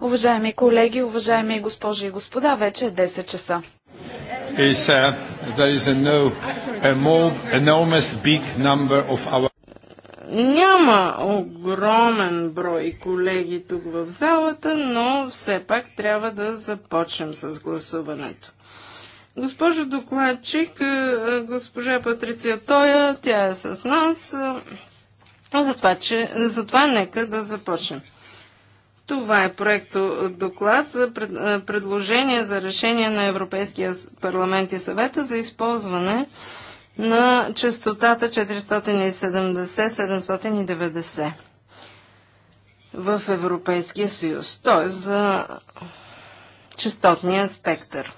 Уважаеми колеги, уважаеми госпожи и господа, вече е 10 часа. Uh, Няма огромен брой колеги тук в залата, но все пак трябва да започнем с гласуването. Госпожо докладчик, госпожа Патриция Тоя, тя е с нас. Затова, че, затова нека да започнем. Това е проекто доклад за пред, предложение за решение на Европейския парламент и съвета за използване на частотата 470-790 в Европейския съюз, т.е. за частотния спектър.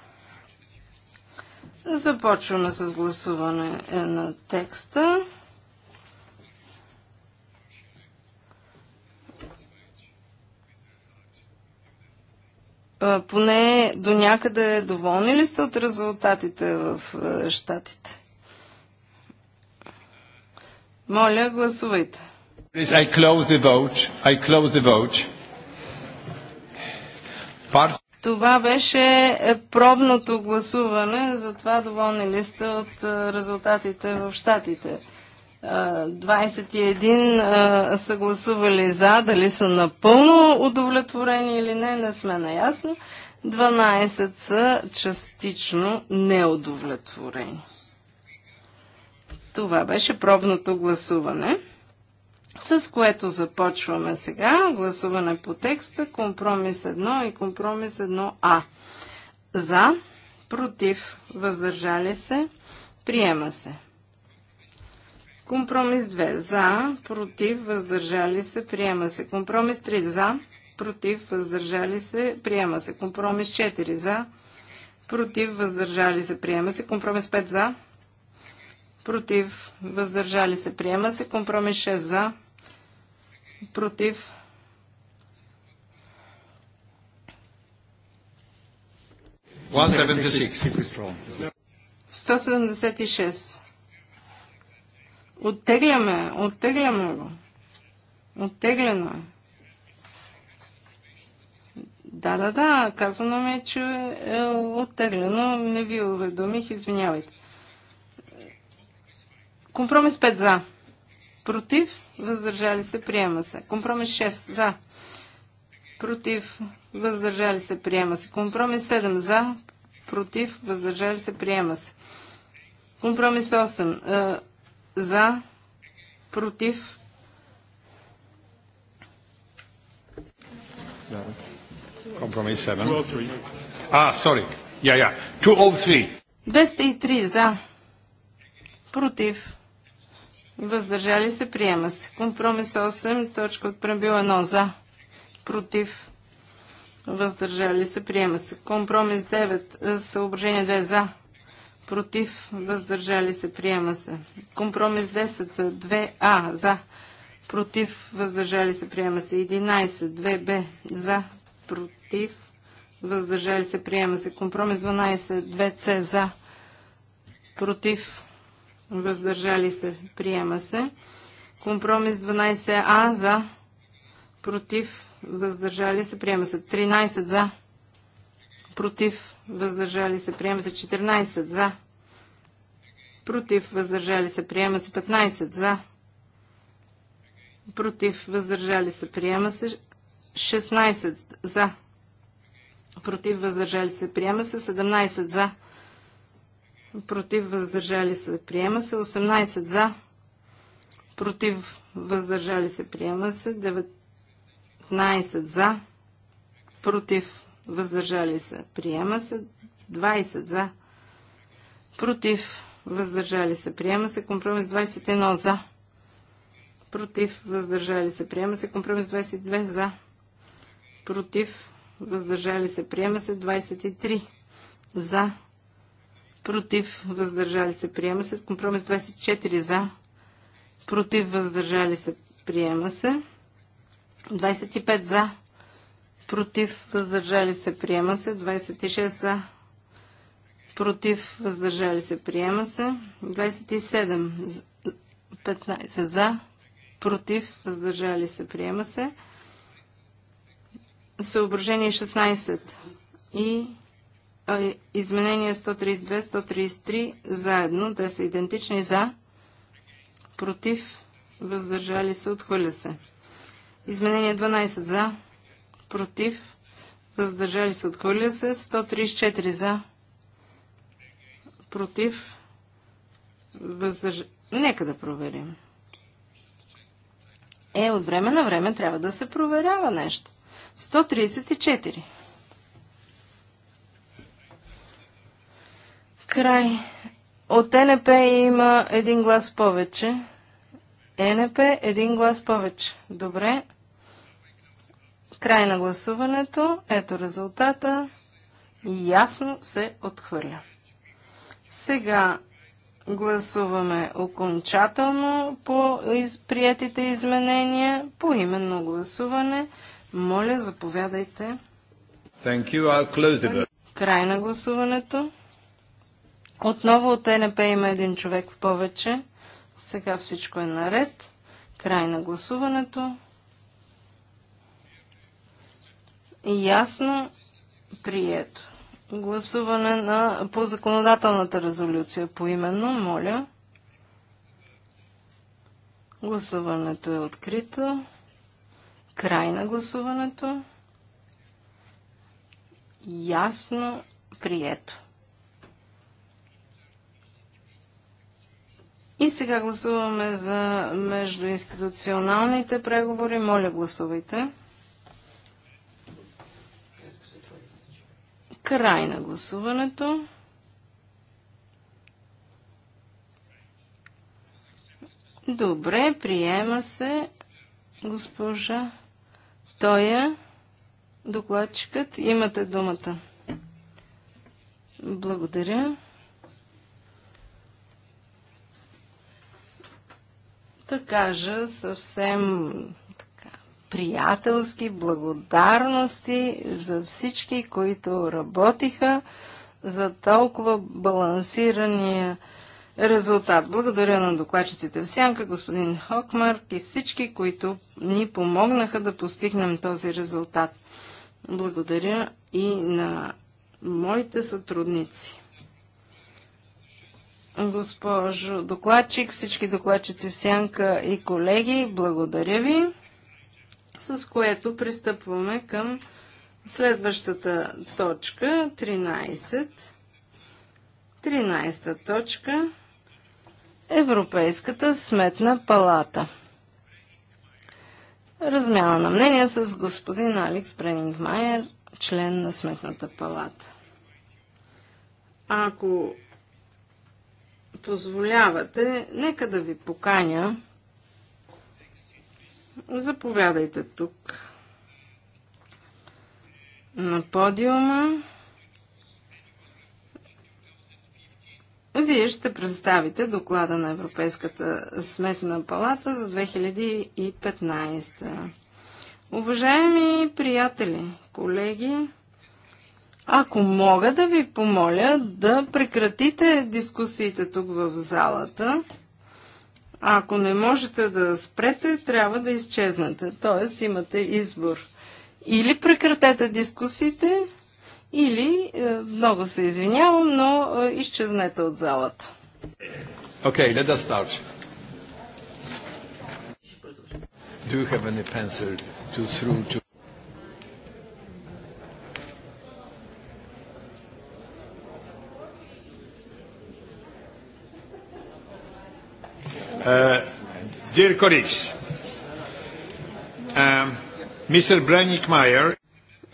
Започваме с гласуване на текста. поне до някъде доволни ли сте от резултатите в Штатите? Моля, гласувайте. Part... Това беше е, пробното гласуване за това доволни ли сте от резултатите в Штатите. 21 са гласували за, дали са напълно удовлетворени или не, не сме наясно. 12 са частично неудовлетворени. Това беше пробното гласуване, с което започваме сега. Гласуване по текста, компромис 1 и компромис 1А. За, против, въздържали се, приема се. Компромис 2 за, против, въздържали се, приема се. Компромис 3 за, против, въздържали се, приема се. Компромис 4 за, против, въздържали се, приема се. Компромис 5 за, против, въздържали се, приема се. Компромис 6 за, против, One seventy-six. 176. Оттегляме, оттегляме го. Оттеглено е. Да, да, да, казано ми, е, че е оттеглено. Не ви уведомих, извинявайте. Компромис 5 за. Против, въздържали се, приема се. Компромис 6 за. Против, въздържали се, приема се. Компромис 7 за. Против, въздържали се, приема се. Компромис 8 за, против. Компромис 7. А, сори. Я, я. 203. за, против. Въздържали се, приема се. Компромис 8, точка от правил 1 за, против. Въздържали се, приема се. Компромис 9, съображение 2 за, против, въздържали се, приема се. Компромис 10, 2А, за, против, въздържали се, приема се. 11, 2Б, за, против, въздържали се, приема се. Компромис 12, 2 c за, против, въздържали се, приема се. Компромис 12А, за, против, въздържали се, приема се. 13 за, против, въздържали се, приема се 14 за, против, въздържали се, приема се 15 за, против, въздържали се, приема се 16 за, против, въздържали се, приема се 17 за, против, въздържали се, приема се 18 за, против, въздържали се, приема се 19 за, против, въздържали се, приема се 20 за, против, въздържали се, приема се компромис 21 за, против, въздържали се, приема се компромис 22 за, против, въздържали се, приема се 23 за, против, въздържали се, приема се компромис 24 за, против, въздържали се, приема се 25 за, против, въздържали се, приема се. 26 за, против, въздържали се, приема се. 27, 15 за, против, въздържали се, приема се. Съображение 16 и изменение 132, 133 заедно, те са идентични за, против, въздържали се, отхвърля се. Изменение 12 за, против, въздържали се, отхвърля се. 134 за, против, въздържали... Нека да проверим. Е, от време на време трябва да се проверява нещо. 134. Край. От НП има един глас повече. НП един глас повече. Добре. Край на гласуването. Ето резултата. Ясно се отхвърля. Сега гласуваме окончателно по приятите изменения, по именно гласуване. Моля, заповядайте. Thank you. I'll close the Край на гласуването. Отново от НП има един човек в повече. Сега всичко е наред. Край на гласуването. ясно прието. Гласуване на, по законодателната резолюция по именно, моля. Гласуването е открито. Край на гласуването. Ясно прието. И сега гласуваме за междуинституционалните преговори. Моля, гласувайте. Край на гласуването. Добре, приема се госпожа Тоя, докладчикът. Имате думата. Благодаря. Да кажа съвсем приятелски благодарности за всички, които работиха за толкова балансирания резултат. Благодаря на докладчиците в Сянка, господин Хокмарк и всички, които ни помогнаха да постигнем този резултат. Благодаря и на моите сътрудници. Госпожо докладчик, всички докладчици в Сянка и колеги, благодаря ви с което пристъпваме към следващата точка, 13. 13 точка Европейската сметна палата. Размяна на мнение с господин Алекс Бренингмайер, член на Сметната палата. Ако позволявате, нека да ви поканя Заповядайте тук на подиума. Вие ще представите доклада на Европейската сметна палата за 2015. Уважаеми приятели, колеги, ако мога да ви помоля да прекратите дискусиите тук в залата, ако не можете да спрете, трябва да изчезнете. Тоест имате избор. Или прекратете дискусиите, или, е, много се извинявам, но е, изчезнете от залата. Okay, let us start. Do you have any pencil to through to... Uh, dear colleagues, Mr. Um, Brennick-Meyer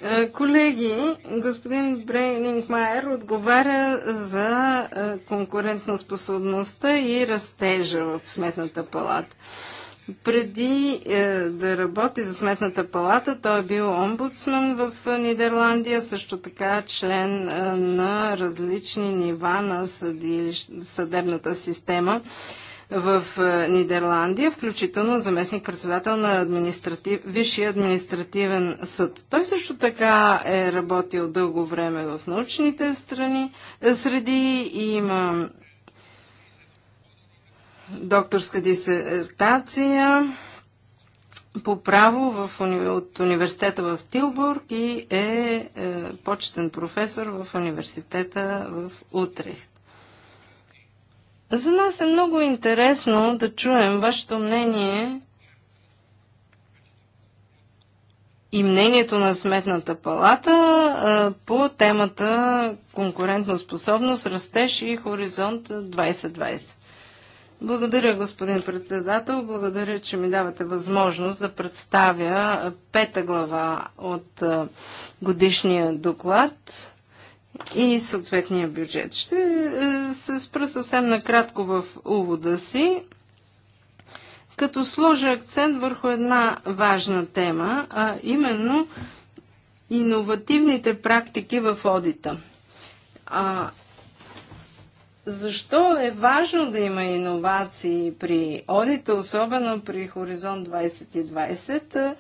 е, Колеги, господин Брейнингмайер отговаря за е, конкурентноспособността и растежа в Сметната палата. Преди е, да работи за Сметната палата, той е бил омбудсмен в Нидерландия, също така член на различни нива на съдебната система в е, Нидерландия, включително заместник-председател на административ... Висшия административен съд. Той също така е работил дълго време в научните страни, е, среди и има докторска дисертация по право в, от университета в Тилбург и е, е почетен професор в университета в Утрехт. За нас е много интересно да чуем вашето мнение и мнението на Сметната палата по темата способност, растеж и хоризонт 2020. Благодаря, господин председател. Благодаря, че ми давате възможност да представя пета глава от годишния доклад и съответния бюджет. Ще е, се спра съвсем накратко в увода си, като сложа акцент върху една важна тема, а именно иновативните практики в одита. А, защо е важно да има иновации при одита, особено при Хоризонт 2020?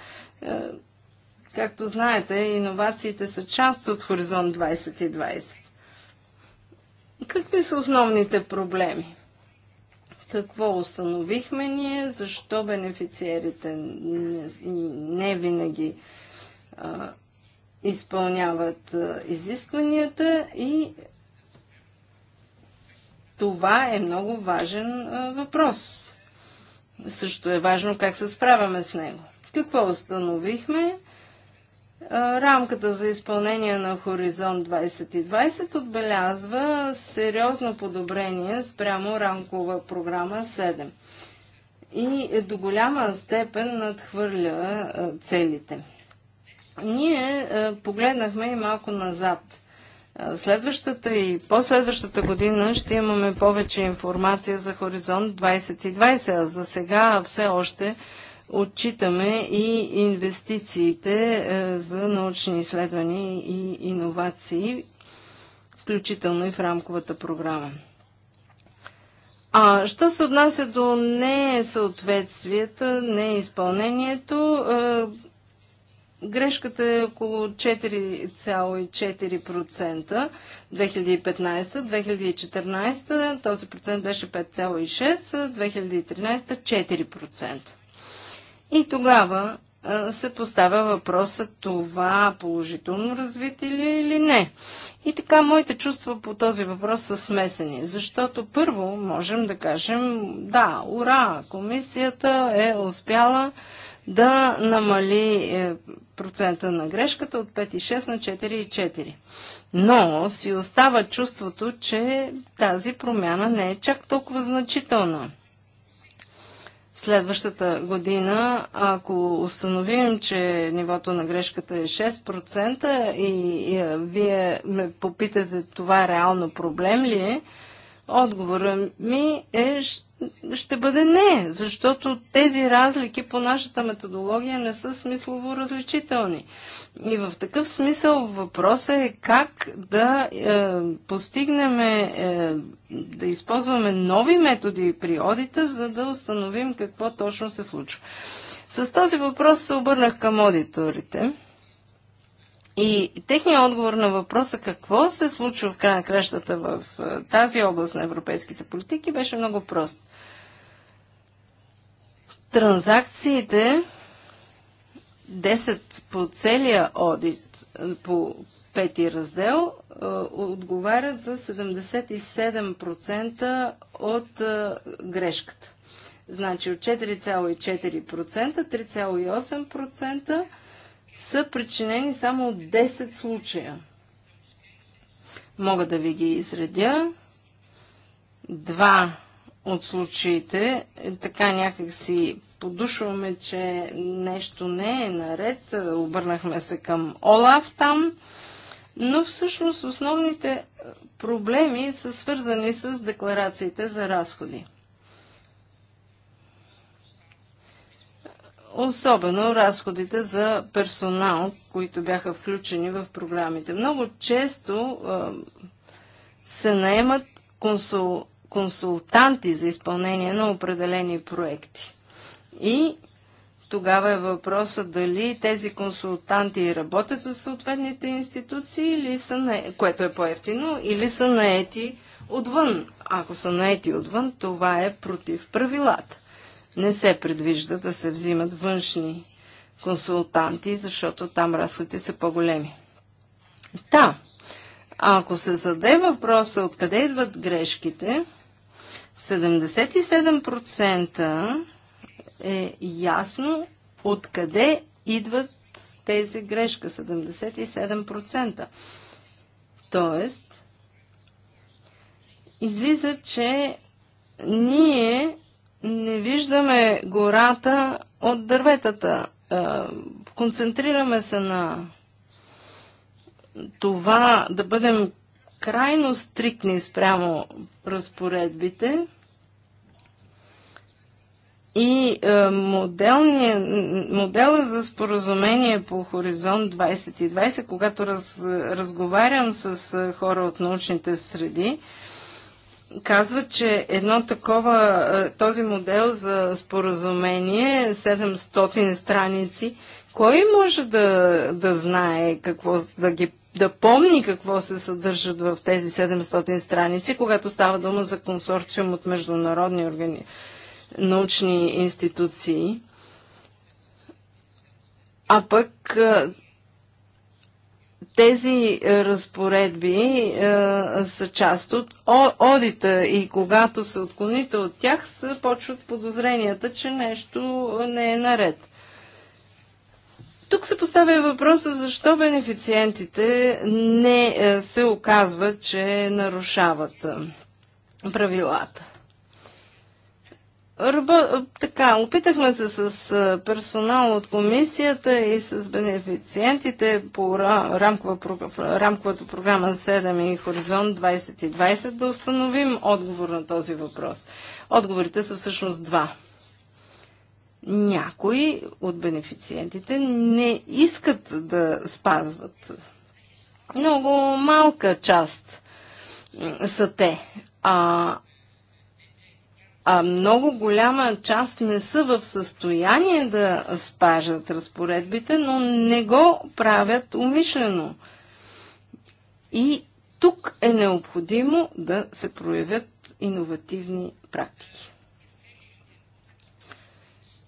Както знаете, иновациите са част от Хоризонт 2020. Какви са основните проблеми? Какво установихме ние? Защо бенефициерите не, винаги а, изпълняват а, изискванията и това е много важен а, въпрос. Също е важно как се справяме с него. Какво установихме? Рамката за изпълнение на Хоризонт 2020 отбелязва сериозно подобрение спрямо рамкова програма 7 и е до голяма степен надхвърля целите. Ние погледнахме и малко назад. Следващата и последващата година ще имаме повече информация за Хоризонт 2020, а за сега все още отчитаме и инвестициите е, за научни изследвания и иновации, включително и в рамковата програма. А що се отнася до несъответствията, неизпълнението, е, грешката е около 4,4% 2015-2014, този процент беше 5,6%, 2013 4%. И тогава се поставя въпроса това положително развитие ли е или не. И така, моите чувства по този въпрос са смесени, защото първо можем да кажем, да, ура, комисията е успяла да намали е, процента на грешката от 5,6 на 4,4. Но си остава чувството, че тази промяна не е чак толкова значителна следващата година, ако установим, че нивото на грешката е 6% и, и, вие ме попитате това е реално проблем ли е, Отговорът ми е, ще бъде не, защото тези разлики по нашата методология не са смислово различителни. И в такъв смисъл въпросът е как да е, постигнем, е, да използваме нови методи при одита, за да установим какво точно се случва. С този въпрос се обърнах към аудиторите. И техният отговор на въпроса какво се случва в края на кращата в тази област на европейските политики беше много прост. Транзакциите 10 по целия одит по пети раздел отговарят за 77% от грешката. Значи от 4,4% 3,8% са причинени само 10 случая. Мога да ви ги изредя. Два от случаите, така някак си подушваме, че нещо не е наред. Обърнахме се към Олаф там. Но всъщност основните проблеми са свързани с декларациите за разходи. особено разходите за персонал, които бяха включени в програмите. Много често се наемат консул, консултанти за изпълнение на определени проекти. И тогава е въпроса дали тези консултанти работят за съответните институции, или са на... което е по-ефтино, или са наети отвън. Ако са наети отвън, това е против правилата не се предвижда да се взимат външни консултанти, защото там разходите са по-големи. Та, да, ако се заде въпроса откъде идват грешките, 77% е ясно откъде идват тези грешка. 77%. Тоест, излиза, че ние не виждаме гората от дърветата. Концентрираме се на това да бъдем крайно стрикни спрямо разпоредбите и модела за споразумение по Хоризонт 2020, когато раз, разговарям с хора от научните среди, казва, че едно такова, е, този модел за споразумение, 700 страници, кой може да, да знае какво, да ги да помни какво се съдържат в тези 700 страници, когато става дума за консорциум от международни органи, научни институции. А пък е, тези е, разпоредби а, е, са част от одита и когато се отклоните от тях, се почват подозренията, че нещо не е наред. Тук се поставя въпроса защо бенефициентите не е, се оказва, че нарушават правилата. Ръба, така, опитахме се с персонал от комисията и с бенефициентите по рамкова, рамковата програма 7 и Хоризонт 2020 да установим отговор на този въпрос. Отговорите са всъщност два. Някои от бенефициентите не искат да спазват. Много малка част са те. А а много голяма част не са в състояние да спажат разпоредбите, но не го правят умишлено. И тук е необходимо да се проявят иновативни практики.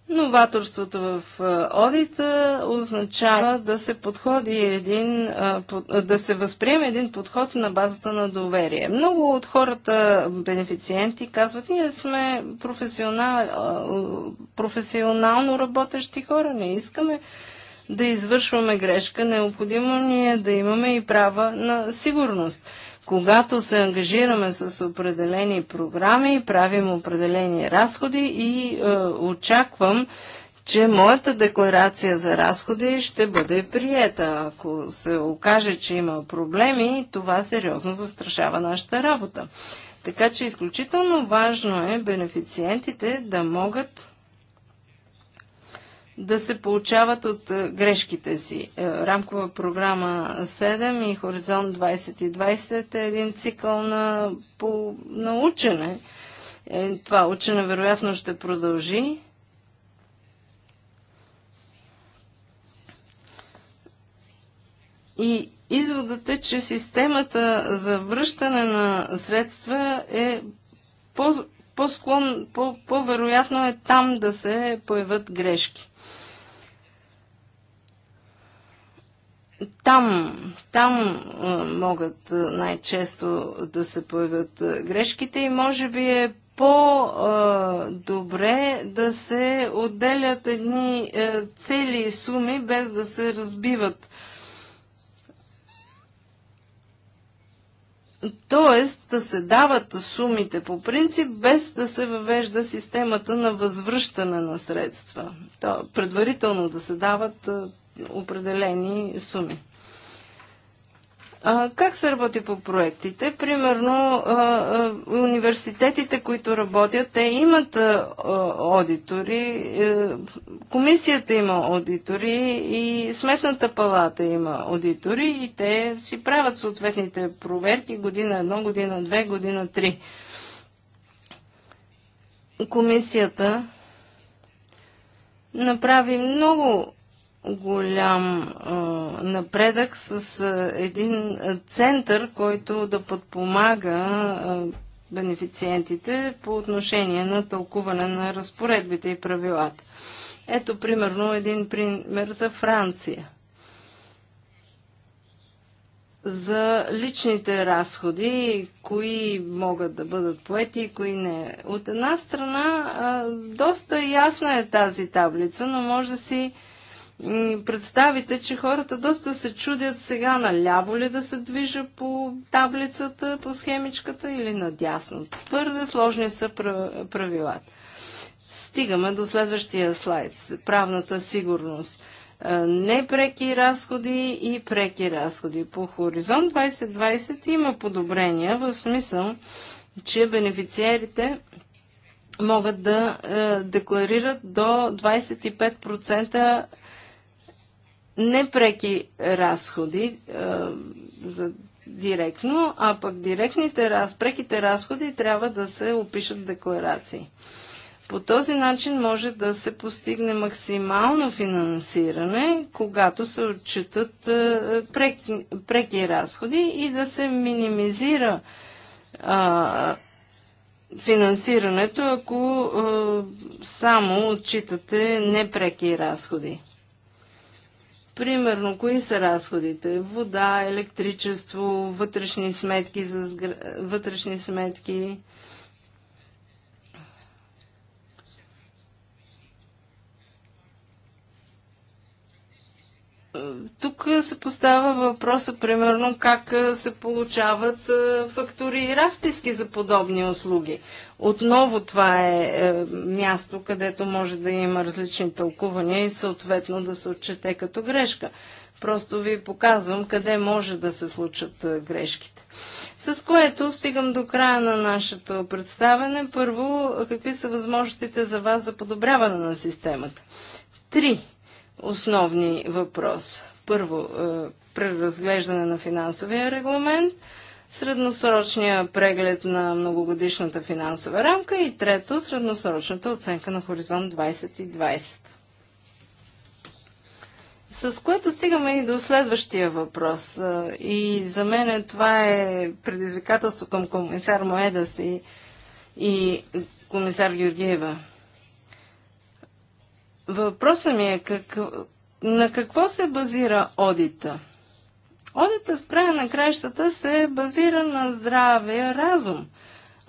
Новаторството в одита означава да се подходи един, да се възприеме един подход на базата на доверие. Много от хората, бенефициенти, казват, ние сме професионал, професионално работещи хора, не искаме да извършваме грешка, необходимо ни е да имаме и права на сигурност. Когато се ангажираме с определени програми, правим определени разходи и е, очаквам, че моята декларация за разходи ще бъде приета. Ако се окаже, че има проблеми, това сериозно застрашава нашата работа. Така че изключително важно е бенефициентите да могат да се получават от е, грешките си. Е, рамкова програма 7 и Хоризонт 2020 е един цикъл на, по, на учене. Е, това учене вероятно ще продължи. И изводът е, че системата за връщане на средства е по, по-склон, по, по-вероятно е там да се появят грешки. Там, там могат най-често да се появят грешките и може би е по-добре да се отделят едни цели суми, без да се разбиват. Тоест да се дават сумите по принцип, без да се въвежда системата на възвръщане на средства. То, предварително да се дават определени суми. А, как се работи по проектите? Примерно, а, а, университетите, които работят, те имат а, аудитори, а, е, комисията има аудитори и сметната палата има аудитори и те си правят съответните проверки година едно, година две, година три. Комисията направи много голям а, напредък с а, един център, който да подпомага а, бенефициентите по отношение на тълкуване на разпоредбите и правилата. Ето примерно един пример за Франция. За личните разходи, кои могат да бъдат поети и кои не. От една страна, а, доста ясна е тази таблица, но може да си представите, че хората доста се чудят сега наляво ли да се движа по таблицата, по схемичката или надясно. Твърде сложни са правилата. Стигаме до следващия слайд. Правната сигурност. Е, Непреки разходи и преки разходи. По Хоризонт 2020 има подобрения в смисъл, че бенефициерите могат да е, декларират до 25% непреки разходи а, е, за директно, а пък директните раз, преките разходи трябва да се опишат в декларации. По този начин може да се постигне максимално финансиране, когато се отчитат е, преки, преки разходи и да се минимизира а, финансирането, ако а, е, само отчитате непреки разходи. Примерно, кои са разходите? Вода, електричество, вътрешни сметки, за сгр... вътрешни сметки тук се поставя въпроса, примерно, как се получават фактури и разписки за подобни услуги. Отново това е, е място, където може да има различни тълкувания и съответно да се отчете като грешка. Просто ви показвам къде може да се случат грешките. С което стигам до края на нашето представене. Първо, какви са възможностите за вас за подобряване на системата? Три основни въпроса. Първо, е, преразглеждане на финансовия регламент, средносрочния преглед на многогодишната финансова рамка и трето, средносрочната оценка на Хоризонт 2020. С което стигаме и до следващия въпрос. Е, и за мен това е предизвикателство към комисар Моедас и, и комисар Георгиева. Въпросът ми е как, на какво се базира одита? Одита в края на краищата се базира на здравия разум.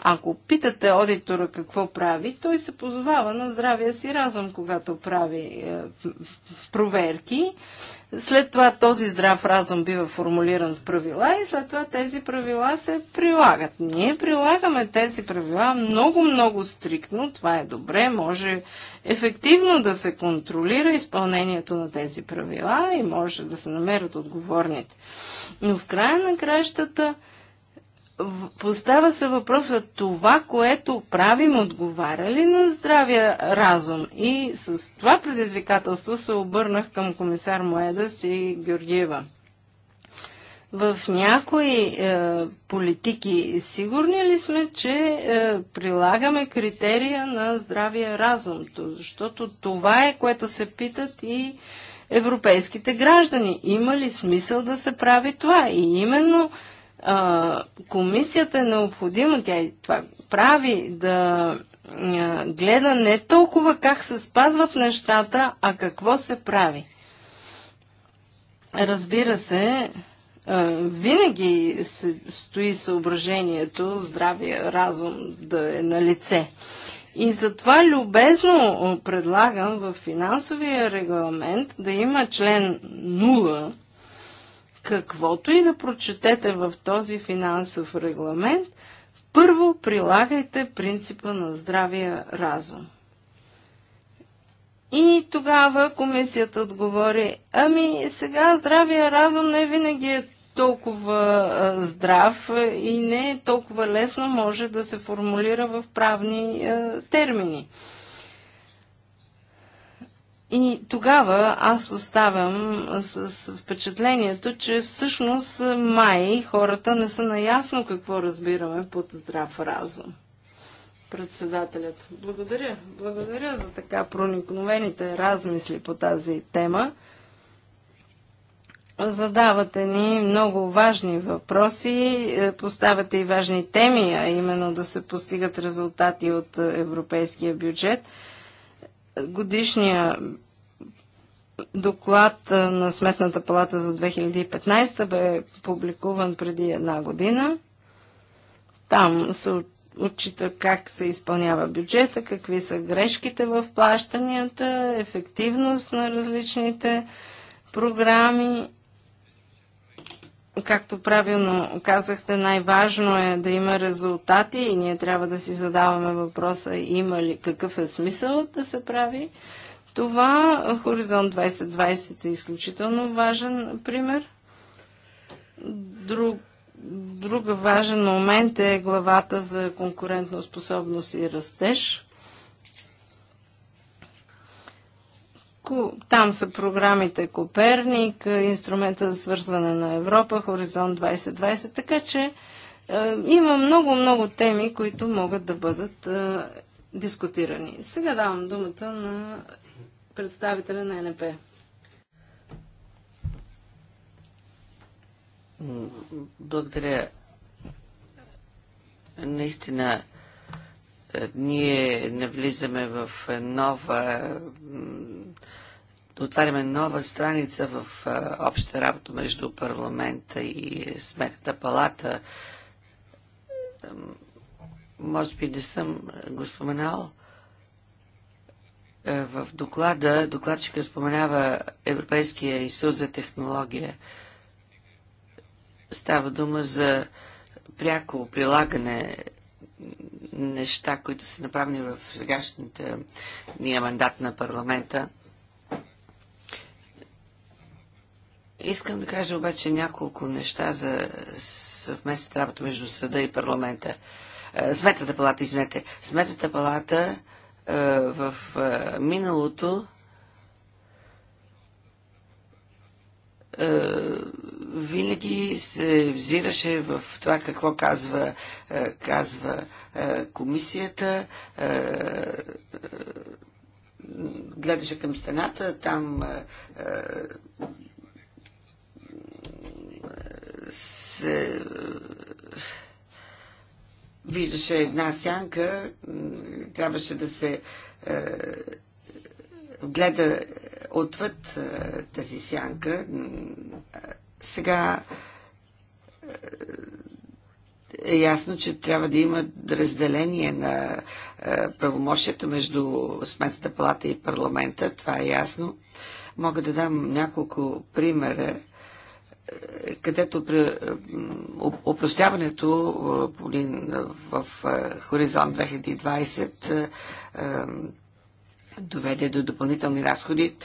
Ако питате одитора, какво прави, той се позовава на здравия си разум, когато прави е, проверки след това този здрав разум бива формулиран в правила и след това тези правила се прилагат. Ние прилагаме тези правила много-много стриктно. Това е добре, може ефективно да се контролира изпълнението на тези правила и може да се намерят отговорните. Но в края на кращата Постава се въпроса това, което правим, отговаря ли на здравия разум? И с това предизвикателство се обърнах към комисар Моедас и Георгиева. В някои е, политики сигурни ли сме, че е, прилагаме критерия на здравия разум? Защото това е, което се питат и европейските граждани. Има ли смисъл да се прави това? И именно а, комисията е необходимо, тя и това прави, да а, гледа не толкова как се спазват нещата, а какво се прави. Разбира се, а, винаги се стои съображението здравия разум да е на лице. И затова любезно предлагам в финансовия регламент да има член 0, каквото и да прочетете в този финансов регламент, първо прилагайте принципа на здравия разум. И тогава комисията отговори, ами сега здравия разум не винаги е толкова здрав и не е толкова лесно може да се формулира в правни термини. И тогава аз оставам с впечатлението, че всъщност май хората не са наясно какво разбираме под здрав разум. Председателят. Благодаря. Благодаря за така проникновените размисли по тази тема. Задавате ни много важни въпроси, е, поставяте и важни теми, а именно да се постигат резултати от е, европейския бюджет – годишния доклад на Сметната палата за 2015 бе публикуван преди една година. Там се отчита как се изпълнява бюджета, какви са грешките в плащанията, ефективност на различните програми както правилно казахте, най-важно е да има резултати и ние трябва да си задаваме въпроса има ли какъв е смисъл да се прави. Това Хоризонт 2020 е изключително важен пример. Друг, друг важен момент е главата за конкурентно способност и растеж. Там са програмите Коперник, е, инструмента за свързване на Европа, Хоризонт 2020, така че е, има много-много теми, които могат да бъдат е, дискутирани. Сега давам думата на представителя на НП. Благодаря. Наистина, е, ние навлизаме в нова отваряме нова страница в общата работа между парламента и сметната палата. Може би не съм го споменал. Е, в доклада докладчика споменава Европейския институт за технология. Става дума за пряко прилагане неща, които са направени в сегашната ния мандат на парламента. Искам да кажа обаче няколко неща за съвместната работа между съда и парламента. Е, Сметната палата, извинете. Сметната палата е, в е, миналото винаги се взираше в това какво казва, казва комисията. Гледаше към стената, там се е, виждаше една сянка, трябваше да се е, гледа отвъд е, тази сянка. Сега е ясно, че трябва да има разделение на правомощията между Сметната палата и парламента. Това е ясно. Мога да дам няколко примера където при опростяването в Хоризонт 2020 доведе до допълнителни разходи.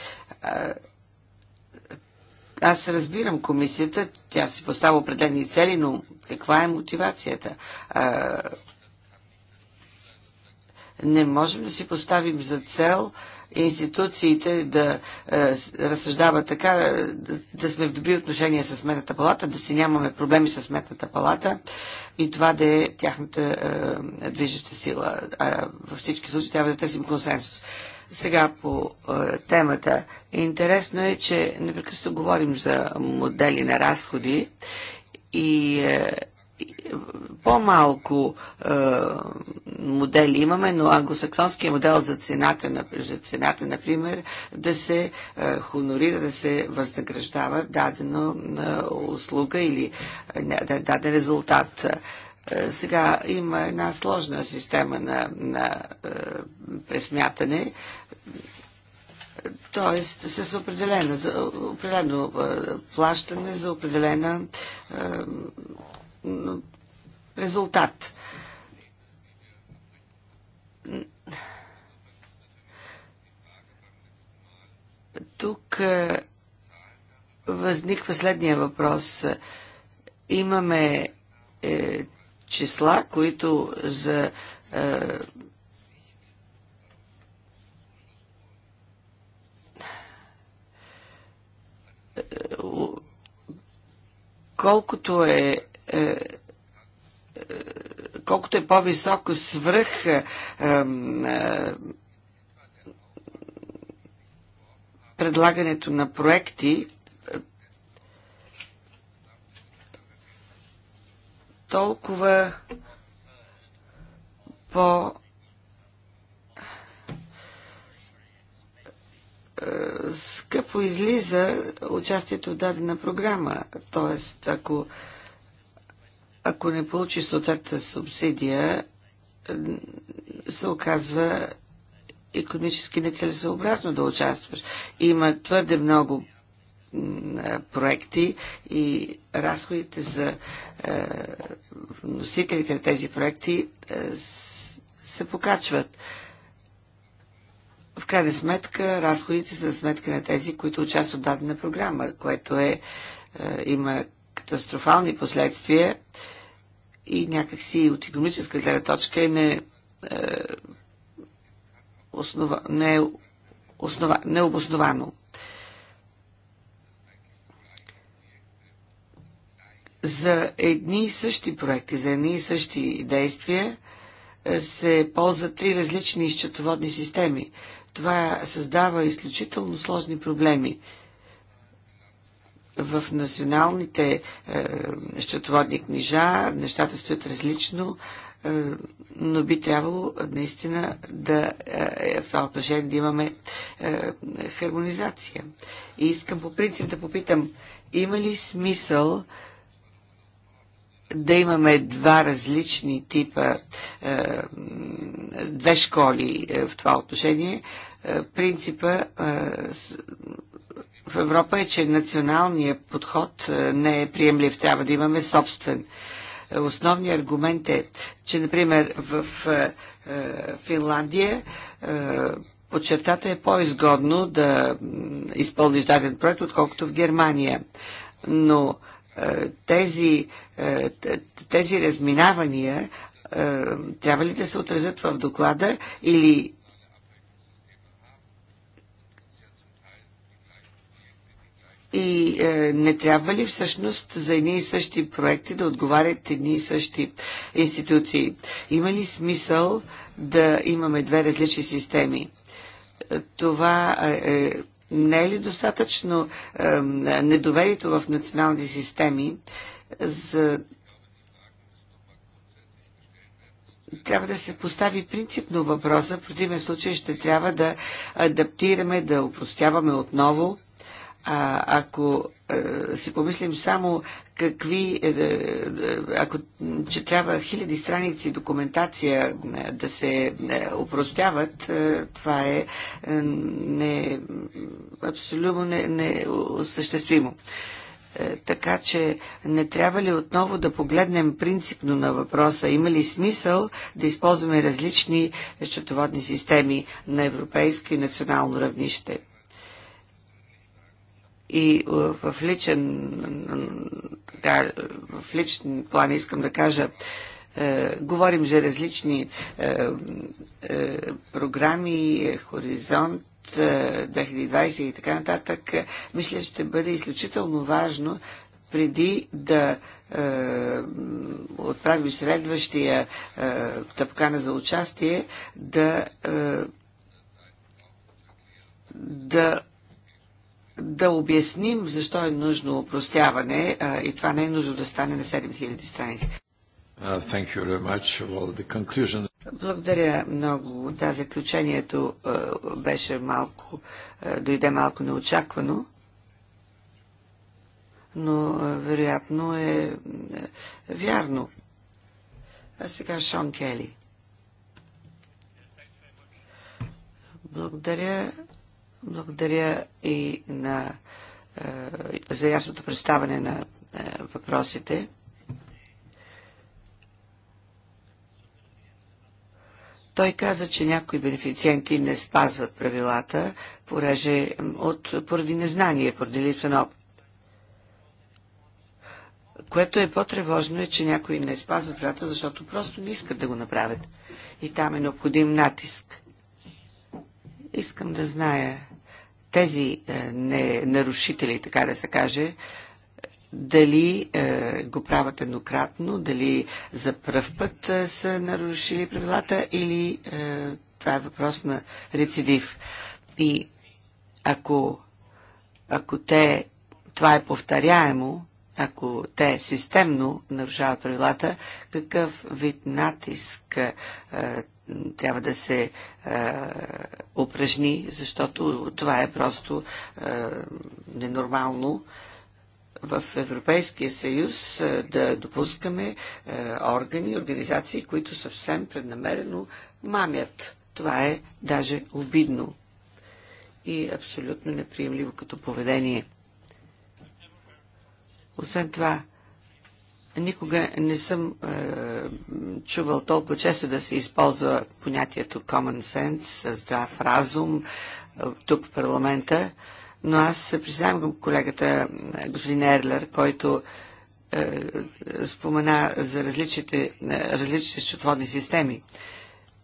Аз разбирам комисията, тя си поставя определени цели, но каква е мотивацията? Не можем да си поставим за цел институциите да е, разсъждават така, е, да, да сме в добри отношения с Сметната палата, да си нямаме проблеми с Сметната палата и това да е тяхната е, движеща сила. А във всички случаи трябва да търсим консенсус. Сега по е, темата. Интересно е, че непрекъснато говорим за модели на разходи и е, по-малко е, модели имаме, но англосаксонския модел за цената, за цената, например, да се е, хонорира, да се възнаграждава дадена на е, услуга или е, да, даден резултат. Е, сега има една сложна система на, на е, пресмятане, т.е. с определено, за, определено е, плащане за определена е, резултат. Тук е, възниква следния въпрос. Имаме е, числа, които за е, е колкото е е, е, колкото е по-високо свръх е, е, предлагането на проекти, е, толкова по скъпо излиза участието в дадена програма. Тоест, ако е, ако не получи съответната субсидия, се оказва економически нецелесообразно да участваш. Има твърде много проекти и разходите за носителите на тези проекти се покачват. В крайна сметка, разходите са за сметка на тези, които участват в дадена програма, което е, има катастрофални последствия и някакси от економическа гледна точка е не, е, основа, не, е основа, необосновано. За едни и същи проекти, за едни и същи действия е, се ползват три различни изчетоводни системи. Това създава изключително сложни проблеми в националните е, счетоводни книжа нещата стоят различно, е, но би трябвало наистина да е, е, в това отношение да имаме е, хармонизация. И искам по принцип да попитам, има ли смисъл да имаме два различни типа, е, две школи е, в това отношение? Е, принципа е, в Европа е, че националният подход е, не е приемлив. Трябва да имаме собствен. Е, основният аргумент е, че, например, в е, Финландия подчертата е по-изгодно да изпълниш даден проект, отколкото в Германия. Но тези, тези разминавания трябва ли да се отразят в доклада или И е, не трябва ли всъщност за едни и същи проекти да отговарят едни и същи институции? Има ли смисъл да имаме две различни системи? Е, това е, е, не е ли достатъчно е, недоверието в националните системи за трябва да се постави принципно въпроса. В противен случай ще трябва да адаптираме, да упростяваме отново а ако а, е, си помислим само какви, е, е, ако, че трябва хиляди страници документация е, да се е, упростяват, е, това е, е не, абсолютно неосъществимо. Не, не е, така че не трябва ли отново да погледнем принципно на въпроса? Има ли смисъл да използваме различни счетоводни системи на европейско и национално равнище? И е, в личен, да, в личен план искам да кажа, е, говорим за различни е, е, програми, хоризонт, 2020 е, и така нататък, мисля, ще бъде изключително важно преди да е, отправим следващия е, тъпкана за участие, да, е, да да обясним защо е нужно упростяване и това не е нужно да стане на 7000 страници. Uh, благодаря много. Да, заключението беше малко, дойде малко неочаквано, но вероятно е вярно. А сега Шон Кели. Благодаря. Благодаря и на, е, за ясното представяне на е, въпросите. Той каза, че някои бенефициенти не спазват правилата, пореже от, поради незнание, поради липса опит. Което е по-тревожно е, че някои не спазват правилата, защото просто не искат да го направят. И там е необходим натиск. Искам да зная тези е, не, нарушители, така да се каже, дали е, го правят еднократно, дали за пръв път е, са нарушили правилата или е, това е въпрос на рецидив. И ако, ако те, това е повторяемо, ако те системно нарушават правилата, какъв вид натиск е, трябва да се е, упражни, защото това е просто е, ненормално в Европейския съюз е, да допускаме е, органи, организации, които съвсем преднамерено мамят. Това е даже обидно и абсолютно неприемливо като поведение. Освен това, никога не съм е, чувал толкова често да се използва понятието common sense, здрав разум, е, тук в парламента, но аз се признавам към колегата е, господин Ерлер, който е, спомена за различните, е, различните счетоводни системи.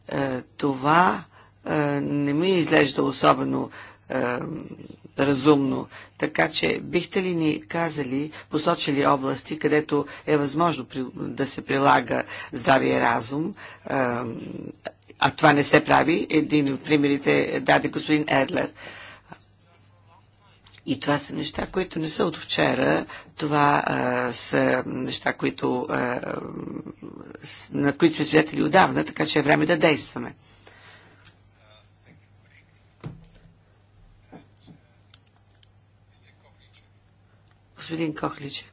Е, това е, не ми изглежда особено е, разумно. Така че бихте ли ни казали, посочили области, където е възможно да се прилага здравия разум, а това не се прави? Един от примерите даде господин Едлер. И това са неща, които не са от вчера. Това а, са неща, които, а, на които сме свидетели отдавна, така че е време да действаме. господин Кохличек.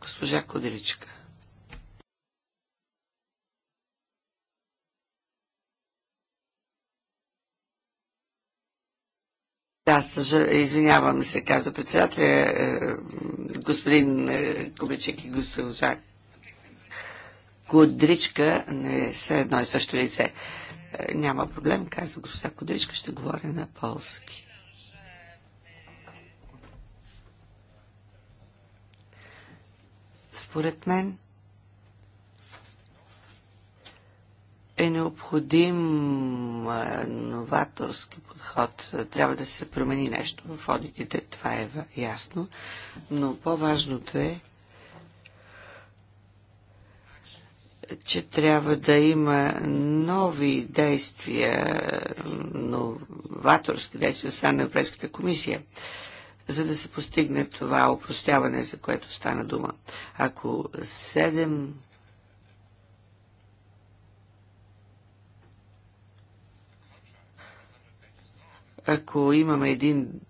Госпожа Кудричка. Да, съжа... извинявам се, каза председателя, е, господин е, Кубичек и госпожа Кудричка не са едно и също лице. Е, няма проблем, каза госпожа Кудричка, ще говоря на полски. Според мен е необходим новаторски подход. Трябва да се промени нещо в одитите, това е ясно. Но по-важното е че трябва да има нови действия, новаторски действия от страна на Европейската комисия, за да се постигне това опростяване, за което стана дума. Ако седем ако имаме един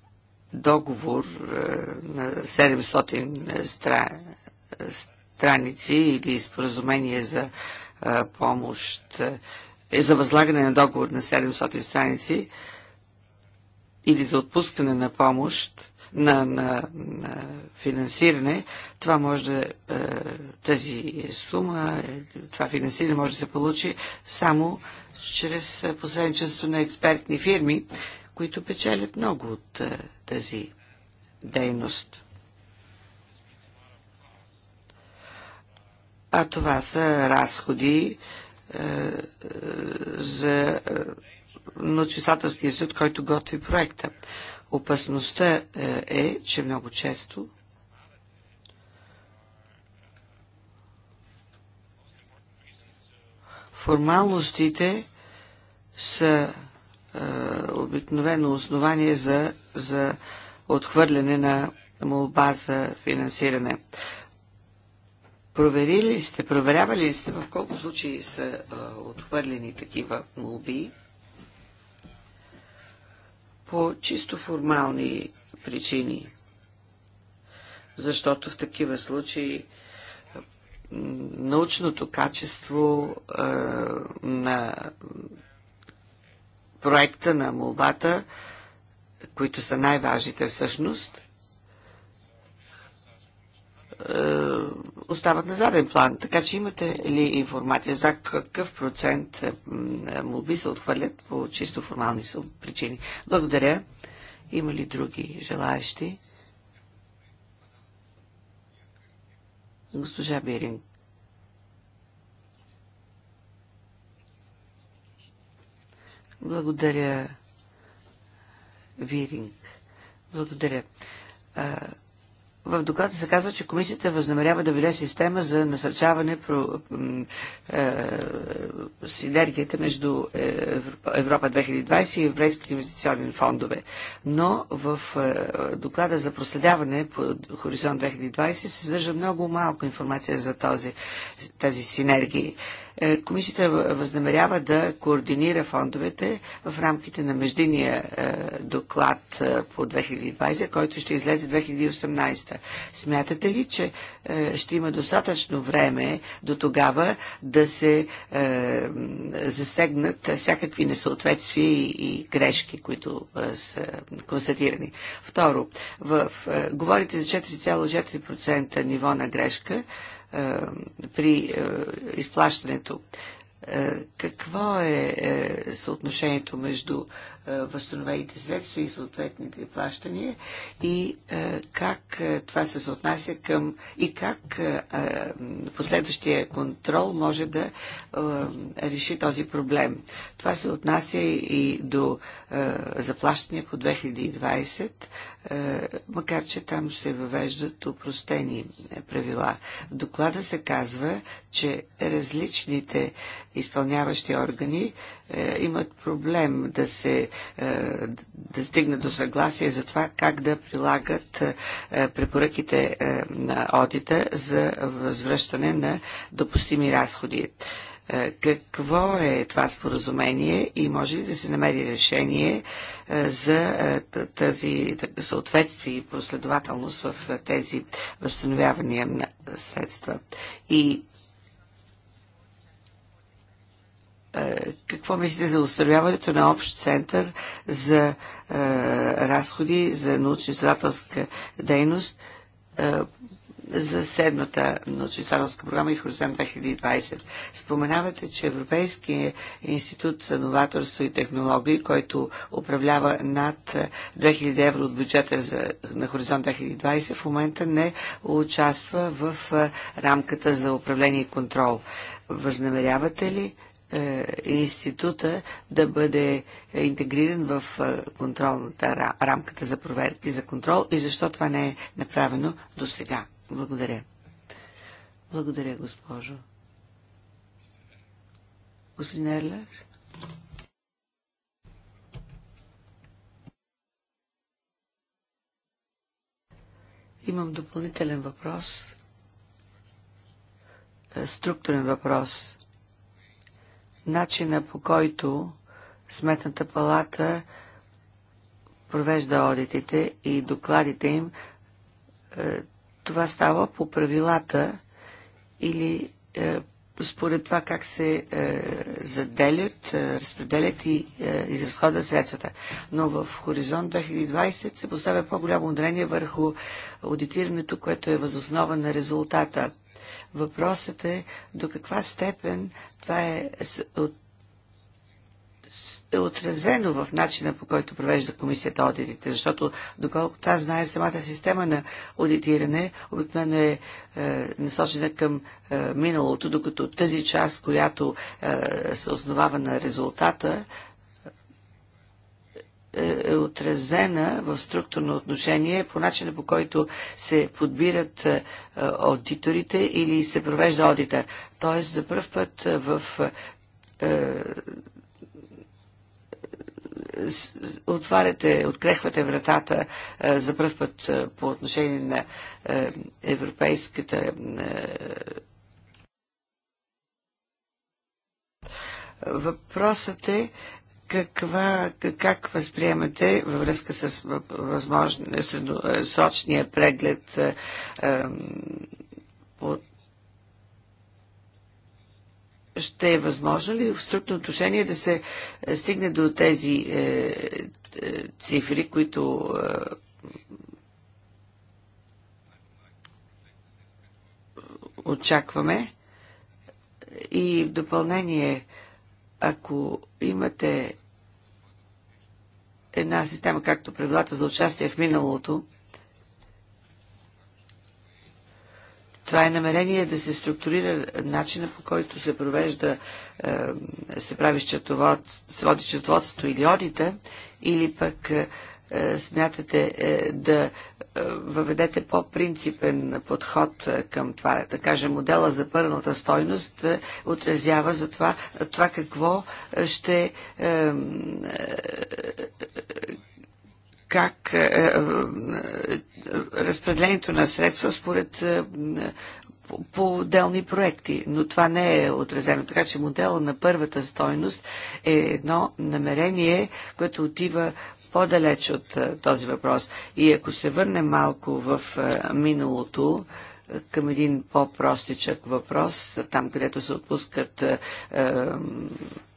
договор е, на 700 страни, страници или споразумение за помощ, е, за възлагане на договор на 700 страници или за отпускане на помощ, на, на, на финансиране, това може да, тази сума, това финансиране може да се получи само чрез посредничество на експертни фирми, които печелят много от тази дейност. а това са разходи е, е за е, научно съд, който готви проекта. Опасността е, е, че много често формалностите са е, обикновено основание за, за отхвърляне на молба за финансиране. Проверили сте, проверявали сте в колко случаи са а, отхвърлени такива молби по чисто формални причини. Защото в такива случаи научното качество а, на проекта, на молбата, които са най-важните всъщност, а, остават на заден план. Така че имате ли информация за какъв процент молби се отхвърлят по чисто формални причини? Благодаря. Има ли други желаящи? Госпожа Бирин. Благодаря, Виринг. Благодаря. В доклада се казва, че комисията възнамерява да веде система за насърчаване про, е, синергията между е, Европа 2020 и Европейските инвестиционни фондове. Но в е, доклада за проследяване по Хоризонт 2020 се съдържа много малко информация за този, тази синергия. Е, комисията възнамерява да координира фондовете в рамките на междиния е, доклад е, по 2020, който ще излезе 2018. Смятате ли, че ще има достатъчно време до тогава да се засегнат всякакви несъответствия и грешки, които са констатирани? Второ, в, говорите за 4,4% ниво на грешка, е, при е, изплащането. Е, какво е съотношението между е, възстановените средства и съответните плащания и е, как е, това се съотнася към и как последващия контрол може да реши този проблем. Това се отнася и до заплащания по 2020, макар че там се въвеждат упростени правила. В доклада се казва, че различните изпълняващи органи е, имат проблем да се е, да стигнат до съгласие за това как да прилагат е, препоръките е, на одита за възвръщане на допустими разходи. Е, какво е това споразумение и може ли да се намери решение е, за е, тази съответствие и последователност в е, тези възстановявания на средства? И какво мислите за установяването на общ център за разходи за научно-изследователска дейност за седмата научно-изследователска програма и Хоризонт 2020. Споменавате, че Европейския институт за новаторство и технологии, който управлява над 2000 евро от бюджета за, на Хоризонт 2020, в момента не участва в рамката за управление и контрол. Възнамерявате ли е, института да бъде интегриран в е, контролната рамката за проверки за контрол и защо това не е направено до сега. Благодаря. Благодаря, госпожо. Господин Ерлер? Имам допълнителен въпрос. Е, структурен въпрос начина по който Сметната палата провежда одитите и докладите им, е, това става по правилата или е, според това как се е, заделят, разпределят и изразходват средствата. Но в Хоризонт 2020 се поставя по-голямо ударение върху аудитирането, което е възоснова на резултата. Въпросът е до каква степен това е е отразено в начина по който провежда комисията одитите, защото доколкото аз знае самата система на аудитиране, обикновено е, е насочена към е, миналото, докато тази част, която е, се основава на резултата, е, е отразена в структурно отношение по начина по който се подбират е, аудиторите или се провежда аудита. Тоест за първ път е, в отваряте, открехвате вратата е, за първ път е, по отношение на е, европейската Въпросът е каква, как възприемате във връзка с възможно, срочния преглед е, по... ще е възможно ли в структно отношение да се е, стигне до тези е, е, цифри, които е, очакваме? И в допълнение ако имате една система, както правилата за участие в миналото, Това е намерение да се структурира начина по който се провежда, е, се прави счетовод, се води счетоводството или одита, или пък е, е, смятате е, да е, въведете по-принципен подход към това, да кажем, модела за пърната стойност отразява за това, това какво ще как разпределението на средства според по, отделни проекти, но това не е отразено. Така че модела на първата стойност е едно намерение, което отива по-далеч от този въпрос. И ако се върнем малко в миналото, към един по-простичък въпрос, там където се отпускат е,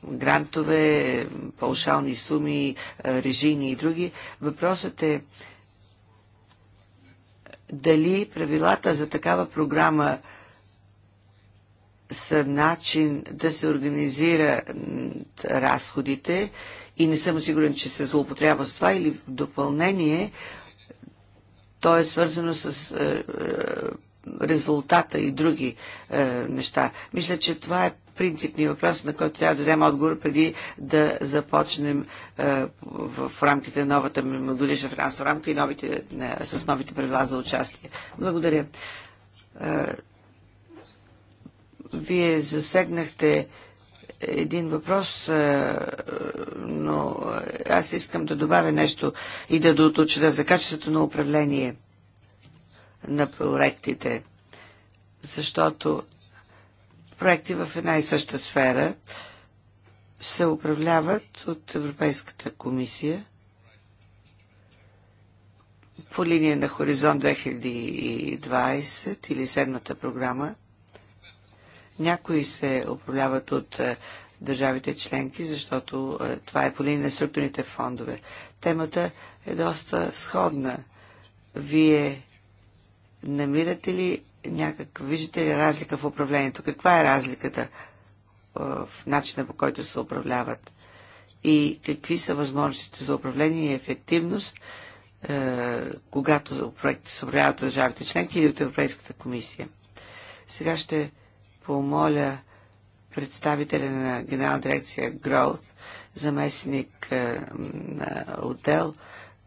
грантове, паушални суми, режими и други. Въпросът е дали правилата за такава програма са начин да се организират разходите и не съм сигурен, че се злоупотребява с това или в допълнение, то е свързано с е, е, резултата и други е, неща. Мисля, че това е принципният въпрос, на който трябва да дадем отговор преди да започнем е, в рамките на новата годишна финансова рамка и новите, не, с новите правила за участие. Благодаря. Е, вие засегнахте един въпрос, е, но аз искам да добавя нещо и да доточа за качеството на управление на проектите. Защото проекти в една и съща сфера се управляват от Европейската комисия по линия на Хоризонт 2020 или седмата програма – някои се управляват от е, държавите членки, защото е, това е по линия на структурните фондове. Темата е доста сходна. Вие намирате ли някак, виждате ли разлика в управлението? Каква е разликата е, в начина по който се управляват? И какви са възможностите за управление и ефективност, когато проектите се управляват от държавите членки или от Европейската комисия? Сега ще помоля представителя на генерална дирекция Growth, заместник е, на отдел,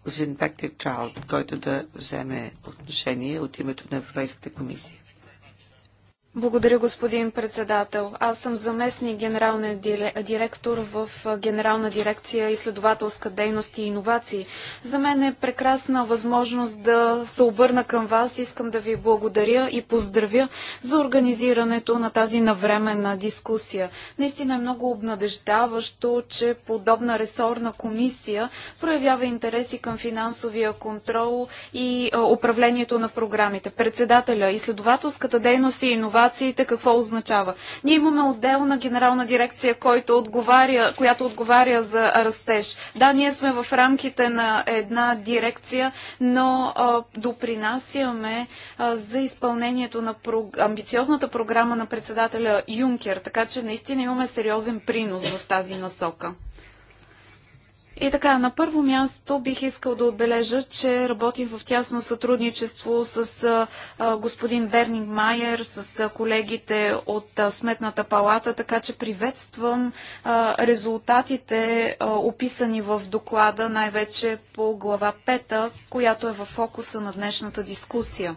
господин Пектик Чалд, който да вземе отношение от името на Европейската комисия. Благодаря, господин председател. Аз съм заместник генералния директор в Генерална дирекция изследователска дейност и иновации. За мен е прекрасна възможност да се обърна към вас. Искам да ви благодаря и поздравя за организирането на тази навременна дискусия. Наистина е много обнадеждаващо, че подобна ресорна комисия проявява интереси към финансовия контрол и управлението на програмите. Председателя, изследователската дейност и иновации иновациите какво означава. Ние имаме отделна генерална дирекция, който отговаря, която отговаря за растеж. Да, ние сме в рамките на една дирекция, но а, допринасяме а, за изпълнението на прог... амбициозната програма на председателя Юнкер, така че наистина имаме сериозен принос в тази насока. И така, на първо място бих искал да отбележа, че работим в тясно сътрудничество с а, господин Бернинг Майер, с а, колегите от а, Сметната палата, така че приветствам резултатите, описани в доклада, най-вече по глава 5, която е в фокуса на днешната дискусия.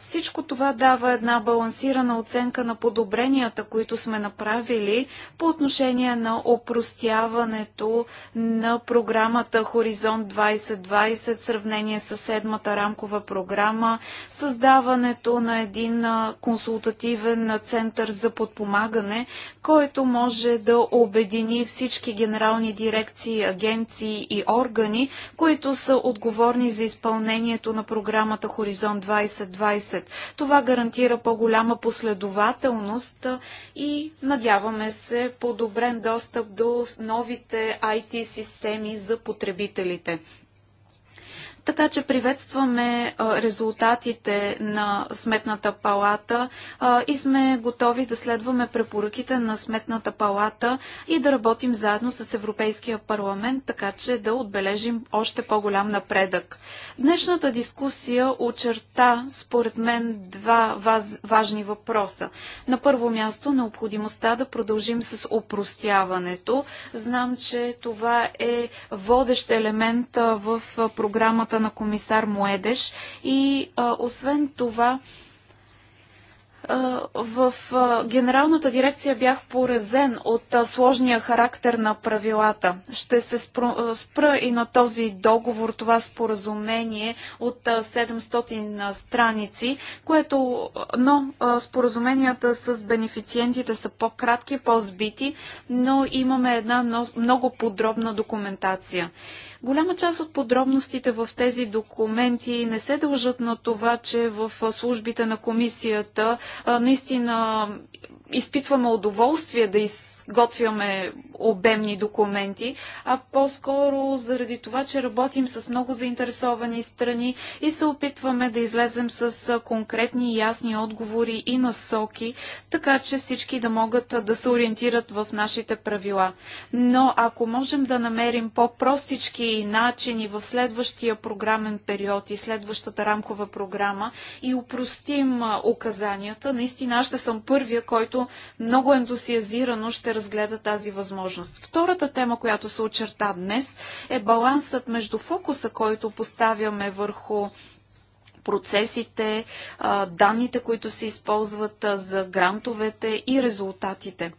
Всичко това дава една балансирана оценка на подобренията, които сме направили по отношение на опростяването на програмата Хоризонт 2020, сравнение с седмата рамкова програма, създаването на един консултативен център за подпомагане, който може да обедини всички генерални дирекции, агенции и органи, които са отговорни за изпълнението на програмата Хоризонт 2020 10. Това гарантира по-голяма последователност и надяваме се подобрен достъп до новите IT системи за потребителите. Така че приветстваме резултатите на Сметната палата и сме готови да следваме препоръките на Сметната палата и да работим заедно с Европейския парламент, така че да отбележим още по-голям напредък. Днешната дискусия очерта, според мен, два важни въпроса. На първо място, необходимостта да продължим с опростяването. Знам, че това е водещ елемент в програмата на комисар Моедеш и а, освен това в генералната дирекция бях поразен от сложния характер на правилата. Ще се спра и на този договор, това споразумение от 700 страници, което, но споразуменията с бенефициентите са по-кратки, по-збити, но имаме една много подробна документация. Голяма част от подробностите в тези документи не се дължат на това, че в службите на комисията наистина изпитваме удоволствие да из Готвяме обемни документи, а по-скоро заради това, че работим с много заинтересовани страни и се опитваме да излезем с конкретни и ясни отговори и насоки, така че всички да могат да се ориентират в нашите правила. Но ако можем да намерим по-простички начини в следващия програмен период и следващата рамкова програма и упростим указанията, наистина ще съм първия, който много ентусиазирано ще разгледа тази възможност. Втората тема, която се очерта днес, е балансът между фокуса, който поставяме върху процесите, данните, които се използват за грантовете и резултатите.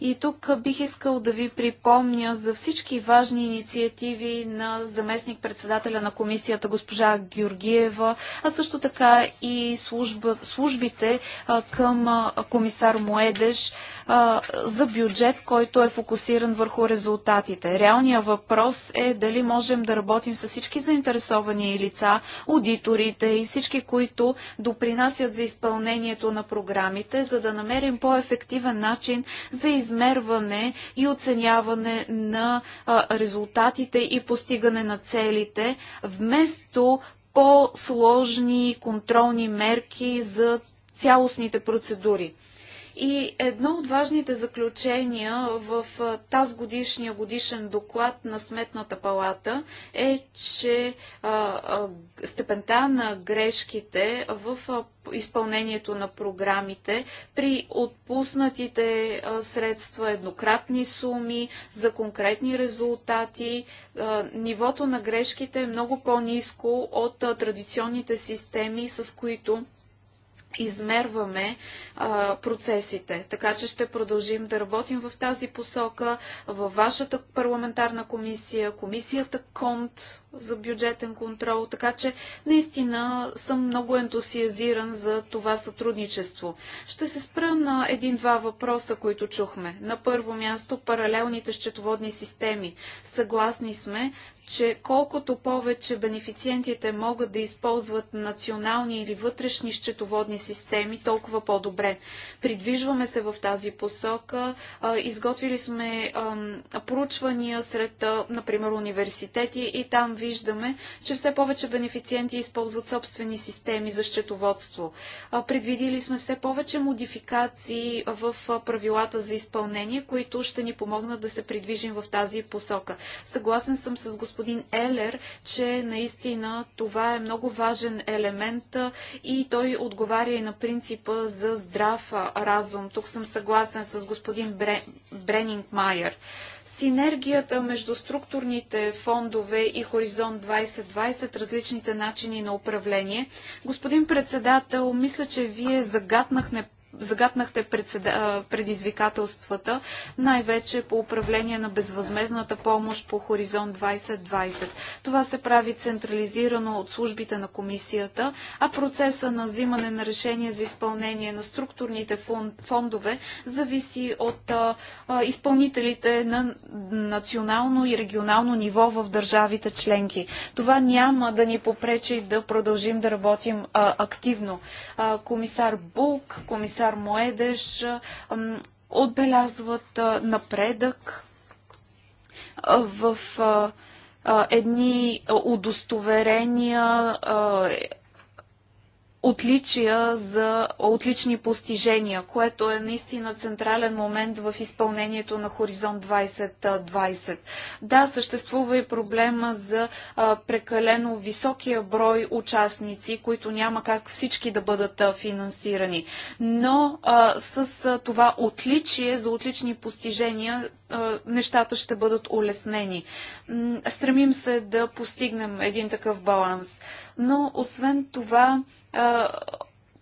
И тук бих искал да ви припомня за всички важни инициативи на заместник-председателя на комисията госпожа Георгиева, а също така и служба, службите а, към а, комисар Моедеш а, за бюджет, който е фокусиран върху резултатите. Реалният въпрос е дали можем да работим с всички заинтересовани лица, аудиторите и всички, които допринасят за изпълнението на програмите, за да намерим по-ефективен начин за измерване и оценяване на резултатите и постигане на целите, вместо по-сложни контролни мерки за цялостните процедури. И едно от важните заключения в тази годишния годишен доклад на Сметната палата е, че степента на грешките в изпълнението на програмите при отпуснатите средства, еднократни суми за конкретни резултати, нивото на грешките е много по-низко от традиционните системи, с които измерваме а, процесите. Така че ще продължим да работим в тази посока, във вашата парламентарна комисия, комисията КОНТ, за бюджетен контрол, така че наистина съм много ентусиазиран за това сътрудничество. Ще се спра на един-два въпроса, които чухме. На първо място паралелните счетоводни системи. Съгласни сме, че колкото повече бенефициентите могат да използват национални или вътрешни счетоводни системи, толкова по-добре. Придвижваме се в тази посока. Изготвили сме проучвания сред, например, университети и там виждаме, че все повече бенефициенти използват собствени системи за счетоводство. Предвидили сме все повече модификации в правилата за изпълнение, които ще ни помогнат да се придвижим в тази посока. Съгласен съм с господин Елер, че наистина това е много важен елемент и той отговаря и на принципа за здрав разум. Тук съм съгласен с господин Бренинг Майер синергията между структурните фондове и Хоризонт 2020, различните начини на управление. Господин председател, мисля, че вие загатнахте загатнахте предизвикателствата, най-вече по управление на безвъзмезната помощ по Хоризонт 2020. Това се прави централизирано от службите на комисията, а процеса на взимане на решение за изпълнение на структурните фондове зависи от изпълнителите на национално и регионално ниво в държавите членки. Това няма да ни попречи да продължим да работим активно. комисар Булк, комисар Комисар Моедеш отбелязват напредък в едни удостоверения, отличия за отлични постижения, което е наистина централен момент в изпълнението на Хоризонт 2020. Да, съществува и проблема за прекалено високия брой участници, които няма как всички да бъдат финансирани. Но а, с това отличие за отлични постижения нещата ще бъдат улеснени. Стремим се да постигнем един такъв баланс. Но освен това,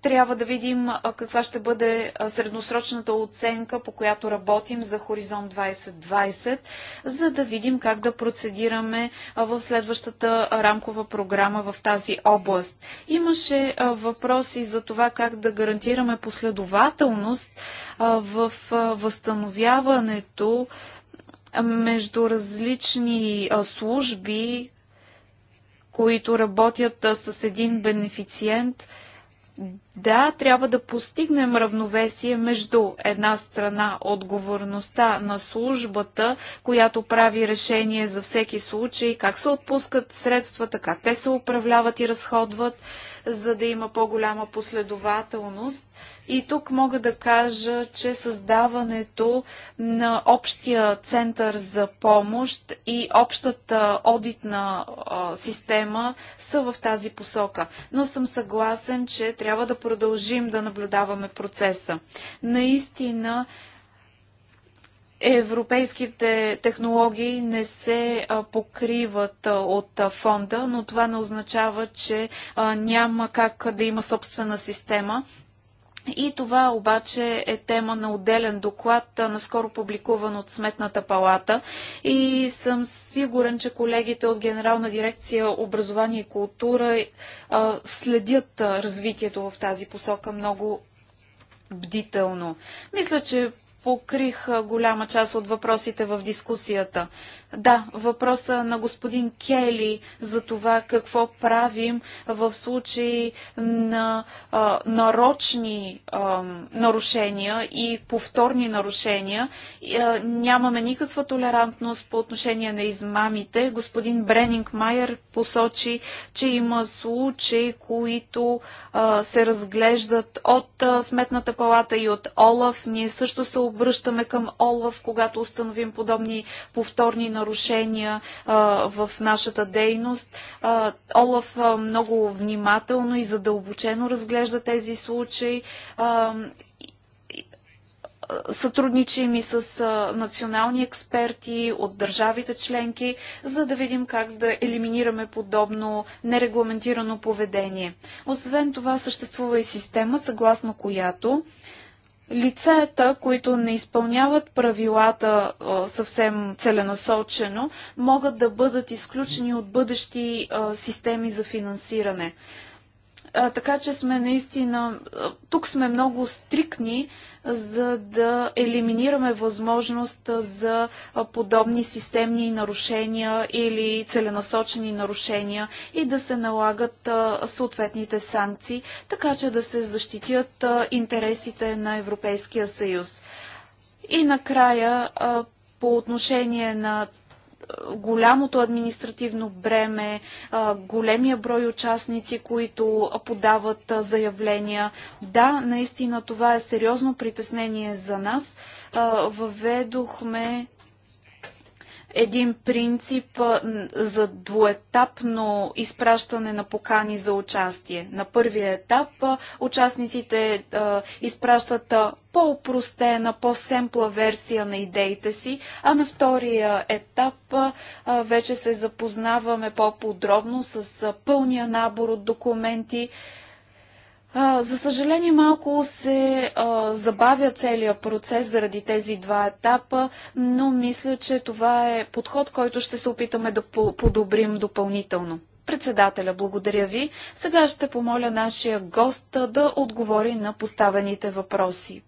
трябва да видим каква ще бъде средносрочната оценка, по която работим за Хоризонт 2020, за да видим как да процедираме в следващата рамкова програма в тази област. Имаше въпроси за това как да гарантираме последователност в възстановяването между различни служби, които работят с един бенефициент, да, трябва да постигнем равновесие между една страна отговорността на службата, която прави решение за всеки случай, как се отпускат средствата, как те се управляват и разходват, за да има по-голяма последователност. И тук мога да кажа, че създаването на общия център за помощ и общата одитна система са в тази посока. Но съм съгласен, че трябва да продължим да наблюдаваме процеса. Наистина, европейските технологии не се покриват от фонда, но това не означава, че няма как да има собствена система. И това обаче е тема на отделен доклад, наскоро публикуван от Сметната палата. И съм сигурен, че колегите от Генерална дирекция образование и култура следят развитието в тази посока много бдително. Мисля, че покрих голяма част от въпросите в дискусията. Да, въпроса на господин Кели за това какво правим в случай на а, нарочни а, нарушения и повторни нарушения. И, а, нямаме никаква толерантност по отношение на измамите. Господин Бренинг Майер посочи, че има случаи, които а, се разглеждат от а, Сметната палата и от Олаф. Ние също се обръщаме към Олаф, когато установим подобни повторни нарушения нарушения в нашата дейност. Олаф много внимателно и задълбочено разглежда тези случаи сътрудничим и с национални експерти от държавите членки, за да видим как да елиминираме подобно нерегламентирано поведение. Освен това съществува и система, съгласно която лицата, които не изпълняват правилата съвсем целенасочено, могат да бъдат изключени от бъдещи системи за финансиране. Така че сме наистина, тук сме много стрикни за да елиминираме възможност за подобни системни нарушения или целенасочени нарушения и да се налагат съответните санкции, така че да се защитят интересите на Европейския съюз. И накрая по отношение на голямото административно бреме, големия брой участници, които подават заявления. Да, наистина това е сериозно притеснение за нас. Въведохме един принцип за двуетапно изпращане на покани за участие. На първия етап участниците изпращат по-упростена, по-семпла версия на идеите си, а на втория етап вече се запознаваме по-подробно с пълния набор от документи, за съжаление, малко се а, забавя целият процес заради тези два етапа, но мисля, че това е подход, който ще се опитаме да подобрим допълнително. Председателя, благодаря ви. Сега ще помоля нашия гост да отговори на поставените въпроси.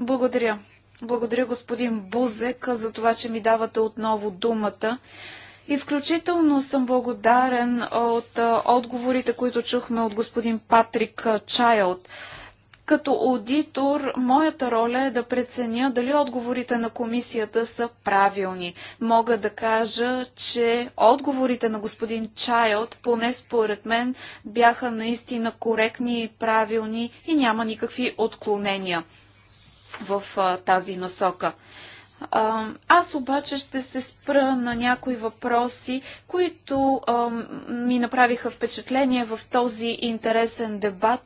Благодаря. Благодаря, господин Бузек, за това, че ми давате отново думата. Изключително съм благодарен от отговорите, които чухме от господин Патрик Чайлд. Като аудитор, моята роля е да преценя дали отговорите на комисията са правилни. Мога да кажа, че отговорите на господин Чайлд, поне според мен, бяха наистина коректни и правилни и няма никакви отклонения в а, тази насока. Аз обаче ще се спра на някои въпроси, които ми направиха впечатление в този интересен дебат,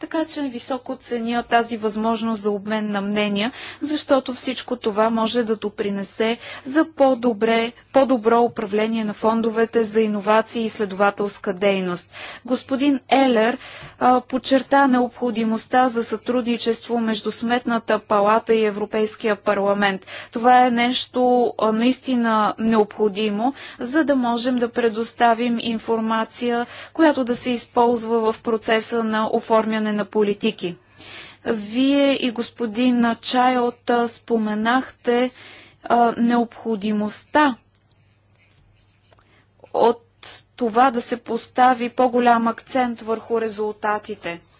така че високо ценя тази възможност за обмен на мнения, защото всичко това може да допринесе за по-добре, по-добро управление на фондовете за иновации и изследователска дейност. Господин Елер подчерта необходимостта за сътрудничество между Сметната палата и Европейския парламент. Това е нещо наистина необходимо, за да можем да предоставим информация, която да се използва в процеса на оформяне на политики. Вие и господин Чайот споменахте необходимостта от това да се постави по-голям акцент върху резултатите –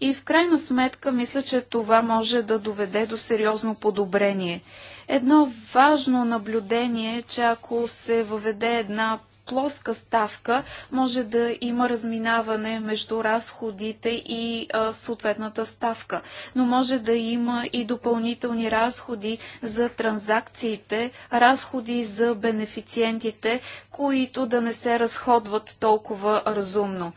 и в крайна сметка мисля, че това може да доведе до сериозно подобрение. Едно важно наблюдение е, че ако се въведе една плоска ставка, може да има разминаване между разходите и а, съответната ставка. Но може да има и допълнителни разходи за транзакциите, разходи за бенефициентите, които да не се разходват толкова разумно.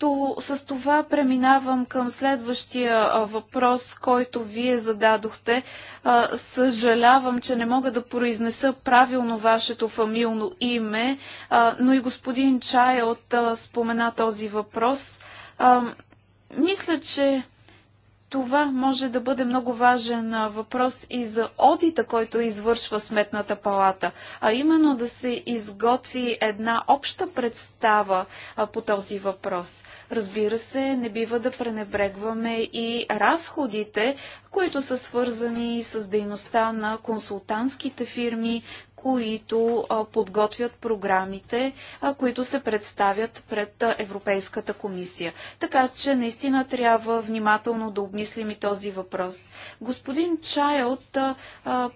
Като с това преминавам към следващия въпрос, който вие зададохте. Съжалявам, че не мога да произнеса правилно вашето фамилно име, но и господин Чай от спомена този въпрос. Мисля, че това може да бъде много важен въпрос и за одита, който извършва Сметната палата, а именно да се изготви една обща представа по този въпрос. Разбира се, не бива да пренебрегваме и разходите, които са свързани с дейността на консултантските фирми, които подготвят програмите, които се представят пред Европейската комисия. Така че наистина трябва внимателно да обмислим и този въпрос. Господин Чайлд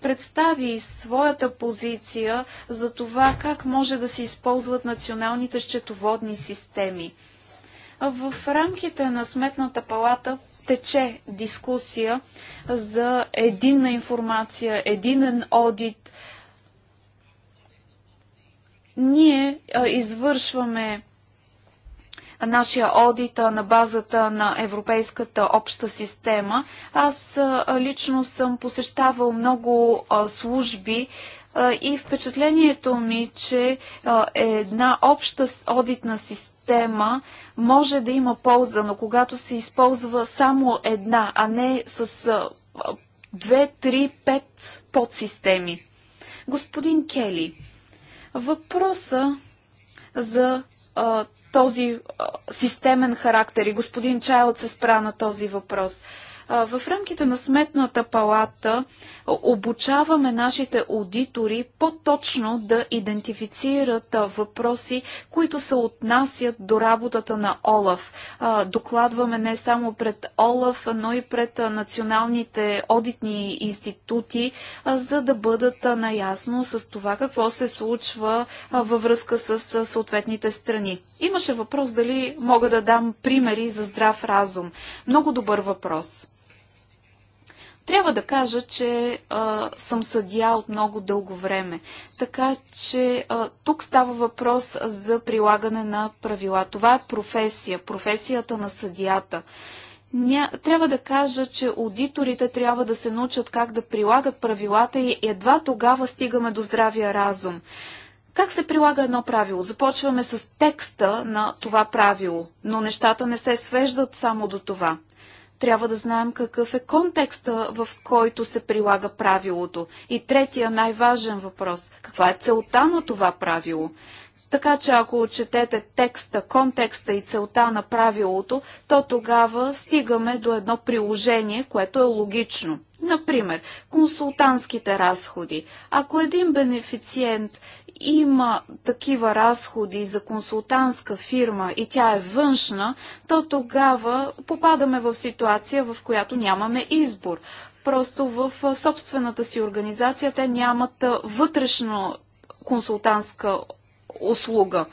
представи своята позиция за това как може да се използват националните счетоводни системи. В рамките на Сметната палата тече дискусия за единна информация, единен одит, ние извършваме нашия одит на базата на Европейската обща система. Аз лично съм посещавал много служби и впечатлението ми, че една обща одитна система може да има полза, но когато се използва само една, а не с две, три, пет подсистеми. Господин Кели, Въпроса за а, този а, системен характер и господин Чайлд се спра на този въпрос. В рамките на Сметната палата обучаваме нашите аудитори по-точно да идентифицират въпроси, които се отнасят до работата на ОЛАФ. Докладваме не само пред ОЛАФ, но и пред националните одитни институти, за да бъдат наясно с това какво се случва във връзка с съответните страни. Имаше въпрос дали мога да дам примери за здрав разум. Много добър въпрос. Трябва да кажа, че а, съм съдия от много дълго време. Така че а, тук става въпрос за прилагане на правила. Това е професия, професията на съдията. Ня... Трябва да кажа, че аудиторите трябва да се научат как да прилагат правилата и едва тогава стигаме до здравия разум. Как се прилага едно правило? Започваме с текста на това правило, но нещата не се свеждат само до това. Трябва да знаем какъв е контекста, в който се прилага правилото. И третия най-важен въпрос – каква е целта на това правило? Така че ако отчетете текста, контекста и целта на правилото, то тогава стигаме до едно приложение, което е логично. Например, консултантските разходи. Ако един бенефициент има такива разходи за консултантска фирма и тя е външна, то тогава попадаме в ситуация, в която нямаме избор. Просто в собствената си организация те нямат вътрешно консултантска услуга.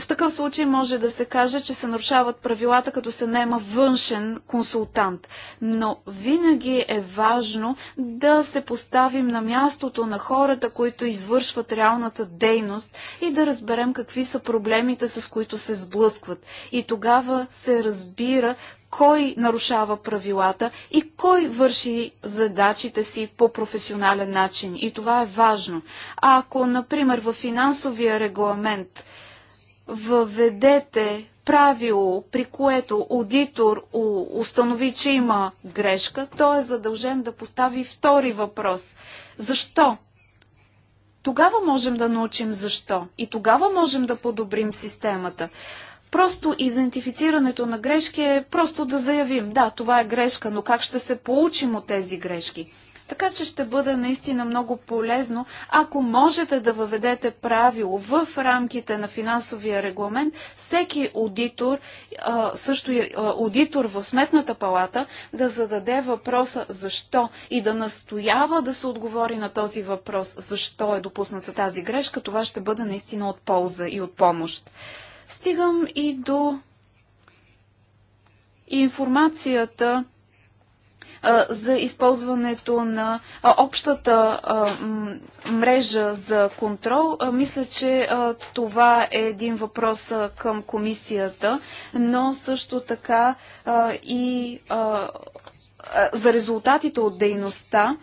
В такъв случай може да се каже, че се нарушават правилата, като се нема външен консултант. Но винаги е важно да се поставим на мястото на хората, които извършват реалната дейност и да разберем какви са проблемите, с които се сблъскват. И тогава се разбира кой нарушава правилата и кой върши задачите си по професионален начин. И това е важно. А ако, например, в финансовия регламент – въведете правило, при което аудитор установи, че има грешка, той е задължен да постави втори въпрос. Защо? Тогава можем да научим защо и тогава можем да подобрим системата. Просто идентифицирането на грешки е просто да заявим, да, това е грешка, но как ще се получим от тези грешки? Така че ще бъде наистина много полезно, ако можете да въведете правило в рамките на финансовия регламент, всеки аудитор, също и аудитор в Сметната палата, да зададе въпроса защо и да настоява да се отговори на този въпрос, защо е допусната тази грешка, това ще бъде наистина от полза и от помощ. Стигам и до информацията за използването на общата мрежа за контрол. Мисля, че това е един въпрос към комисията, но също така и за резултатите от дейността.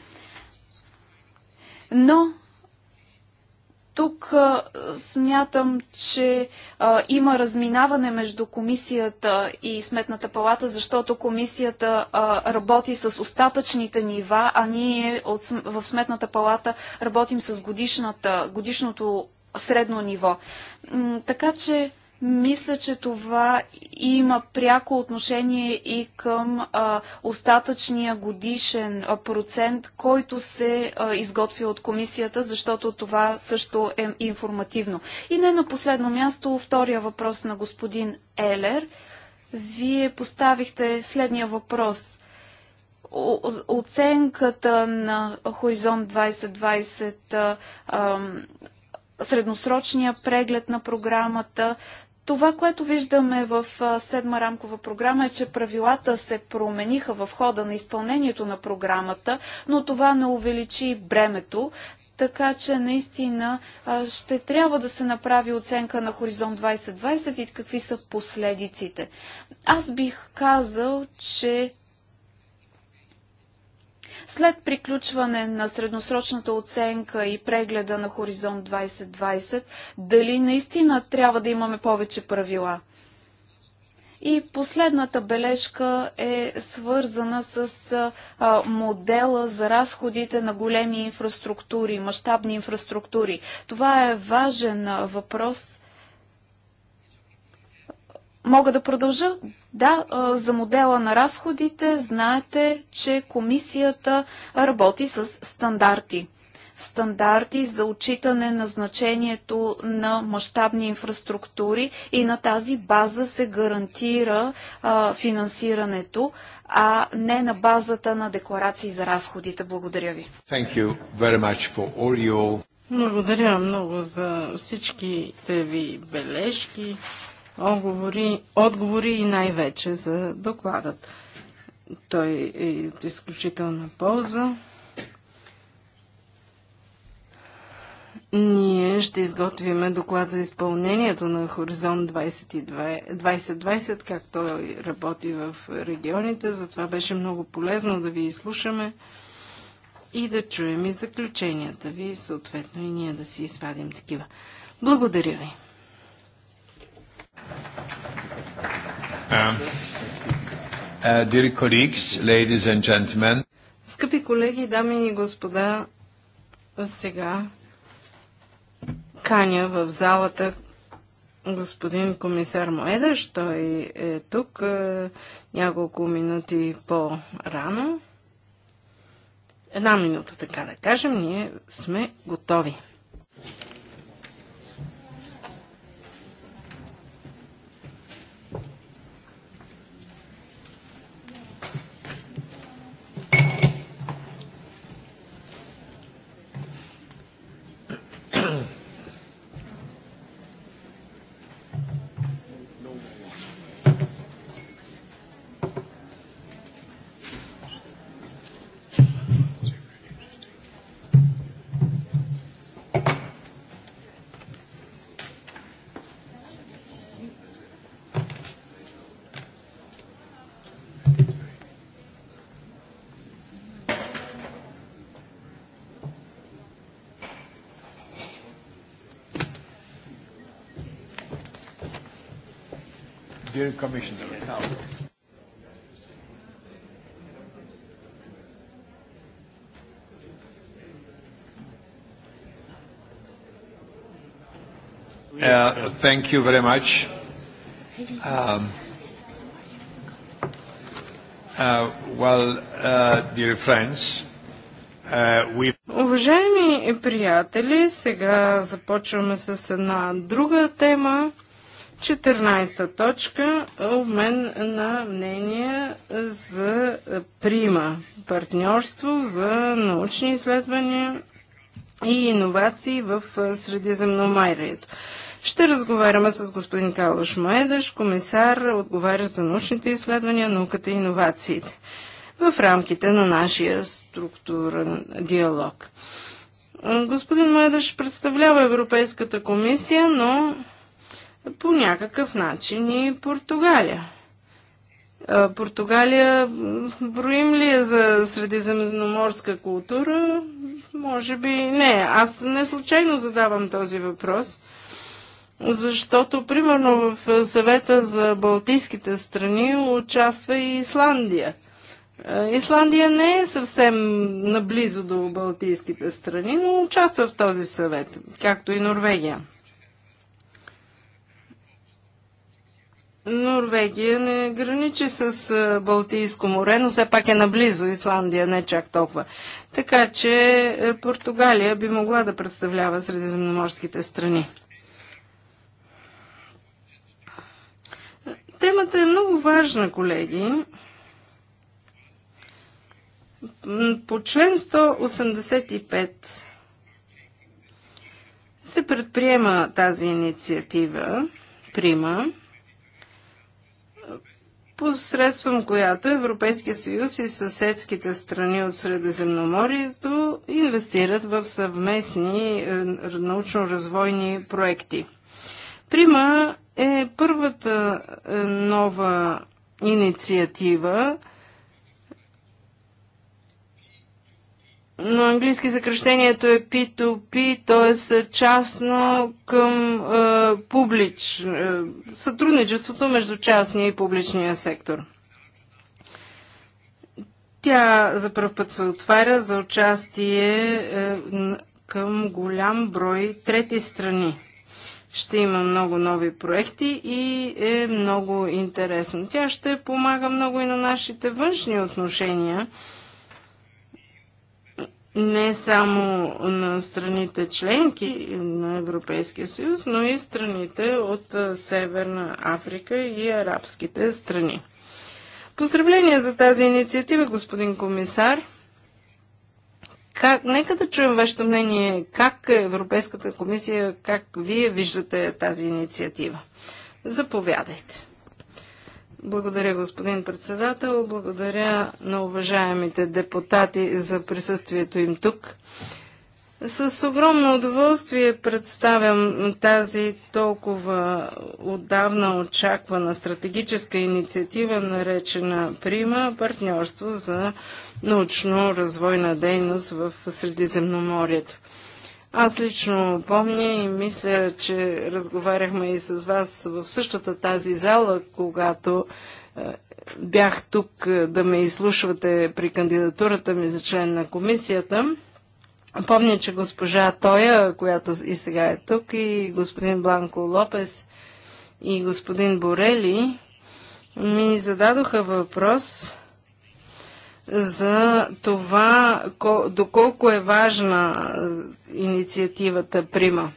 Но тук а, смятам, че а, има разминаване между комисията и сметната палата, защото комисията а, работи с остатъчните нива, а ние от, в сметната палата работим с годишната, годишното средно ниво. Така че мисля, че това има пряко отношение и към а, остатъчния годишен а, процент, който се а, изготвя от комисията, защото това също е информативно. И не на последно място, втория въпрос на господин Елер. Вие поставихте следния въпрос. О, оценката на Хоризонт 2020 а, средносрочния преглед на програмата. Това, което виждаме в седма рамкова програма е, че правилата се промениха в хода на изпълнението на програмата, но това не увеличи бремето, така че наистина ще трябва да се направи оценка на Хоризонт 2020 и какви са последиците. Аз бих казал, че след приключване на средносрочната оценка и прегледа на Хоризонт 2020, дали наистина трябва да имаме повече правила? И последната бележка е свързана с а, модела за разходите на големи инфраструктури, мащабни инфраструктури. Това е важен въпрос Мога да продължа? Да, за модела на разходите знаете, че комисията работи с стандарти. Стандарти за отчитане на значението на мащабни инфраструктури и на тази база се гарантира а, финансирането, а не на базата на декларации за разходите. Благодаря ви. Благодаря много за всичките ви бележки отговори, отговори и най-вече за докладът. Той е от изключителна полза. Ние ще изготвиме доклад за изпълнението на Хоризонт 2020, 2020 както той работи в регионите. Затова беше много полезно да ви изслушаме и да чуем и заключенията ви, съответно и ние да си извадим такива. Благодаря ви! Um, uh, Скъпи колеги, дами и господа, сега каня в залата господин комисар Моедаш. Той е тук е, няколко минути по-рано. Една минута, така да кажем. Ние сме готови. dear Commissioner. Uh, thank you very much. Um, uh, well, uh, dear friends, uh, we... Уважаеми приятели, сега започваме с една друга тема. 14-та точка е обмен на мнения за прима партньорство за научни изследвания и иновации в е, Средиземноморието. Ще разговаряме с господин Калош Моедаш, комисар, отговаря за научните изследвания, науката и иновациите в рамките на нашия структурен диалог. Господин Маедаш представлява Европейската комисия, но по някакъв начин и Португалия. Португалия, броим ли е за средиземноморска култура? Може би не. Аз не случайно задавам този въпрос, защото, примерно, в съвета за Балтийските страни участва и Исландия. Исландия не е съвсем наблизо до Балтийските страни, но участва в този съвет, както и Норвегия. Норвегия не граничи с Балтийско море, но все пак е наблизо. Исландия не чак толкова. Така че е, Португалия би могла да представлява средиземноморските страни. Темата е много важна, колеги. По член 185 се предприема тази инициатива, прима, посредством която Европейския съюз и съседските страни от Средиземноморието инвестират в съвместни е, научно-развойни проекти. Прима е първата е, нова инициатива, на английски съкръщението е P2P, т.е. частно към е, публич, е, сътрудничеството между частния и публичния сектор. Тя за първ път се отваря за участие е, към голям брой трети страни. Ще има много нови проекти и е много интересно. Тя ще помага много и на нашите външни отношения – не само на страните членки на Европейския съюз, но и страните от Северна Африка и арабските страни. Поздравления за тази инициатива, господин комисар. Как, нека да чуем вашето мнение, как Европейската комисия, как вие виждате тази инициатива. Заповядайте. Благодаря, господин председател. Благодаря на уважаемите депутати за присъствието им тук. С огромно удоволствие представям тази толкова отдавна очаквана стратегическа инициатива, наречена Прима партньорство за научно-развойна дейност в Средиземноморието. Аз лично помня и мисля, че разговаряхме и с вас в същата тази зала, когато е, бях тук е, да ме изслушвате при кандидатурата ми за член на комисията. Помня, че госпожа Тоя, която и сега е тук, и господин Бланко Лопес, и господин Борели ми зададоха въпрос за това доколко е важна е, инициативата Прима.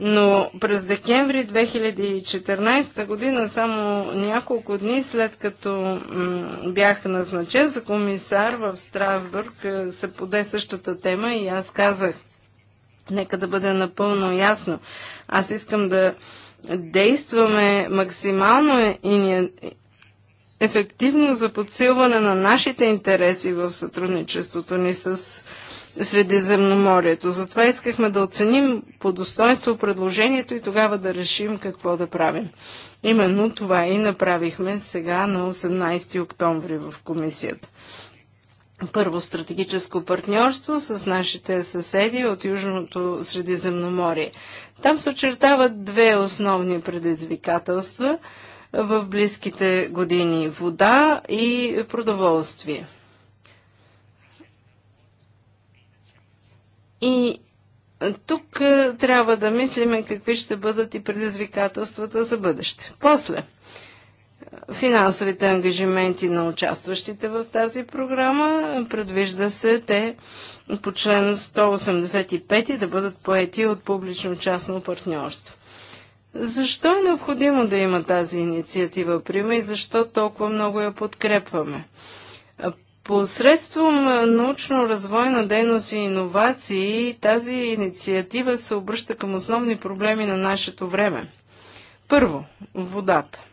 Но през декември 2014 година, само няколко дни след като бях назначен за комисар в Страсбург, е, се поде същата тема и аз казах, нека да бъде напълно ясно. Аз искам да действаме максимално е ефективно за подсилване на нашите интереси в сътрудничеството ни с Средиземноморието. Затова искахме да оценим по достоинство предложението и тогава да решим какво да правим. Именно това и направихме сега на 18 октомври в комисията. Първо стратегическо партньорство с нашите съседи от Южното Средиземноморие. Там се очертават две основни предизвикателства – в близките години вода и продоволствие. И тук е, трябва да мислиме какви ще бъдат и предизвикателствата за бъдеще. После, финансовите ангажименти на участващите в тази програма предвижда се те по член 185 да бъдат поети от публично-частно партньорство. Защо е необходимо да има тази инициатива, Прима, и защо толкова много я подкрепваме? Посредством научно-развойна дейност и иновации тази инициатива се обръща към основни проблеми на нашето време. Първо, водата.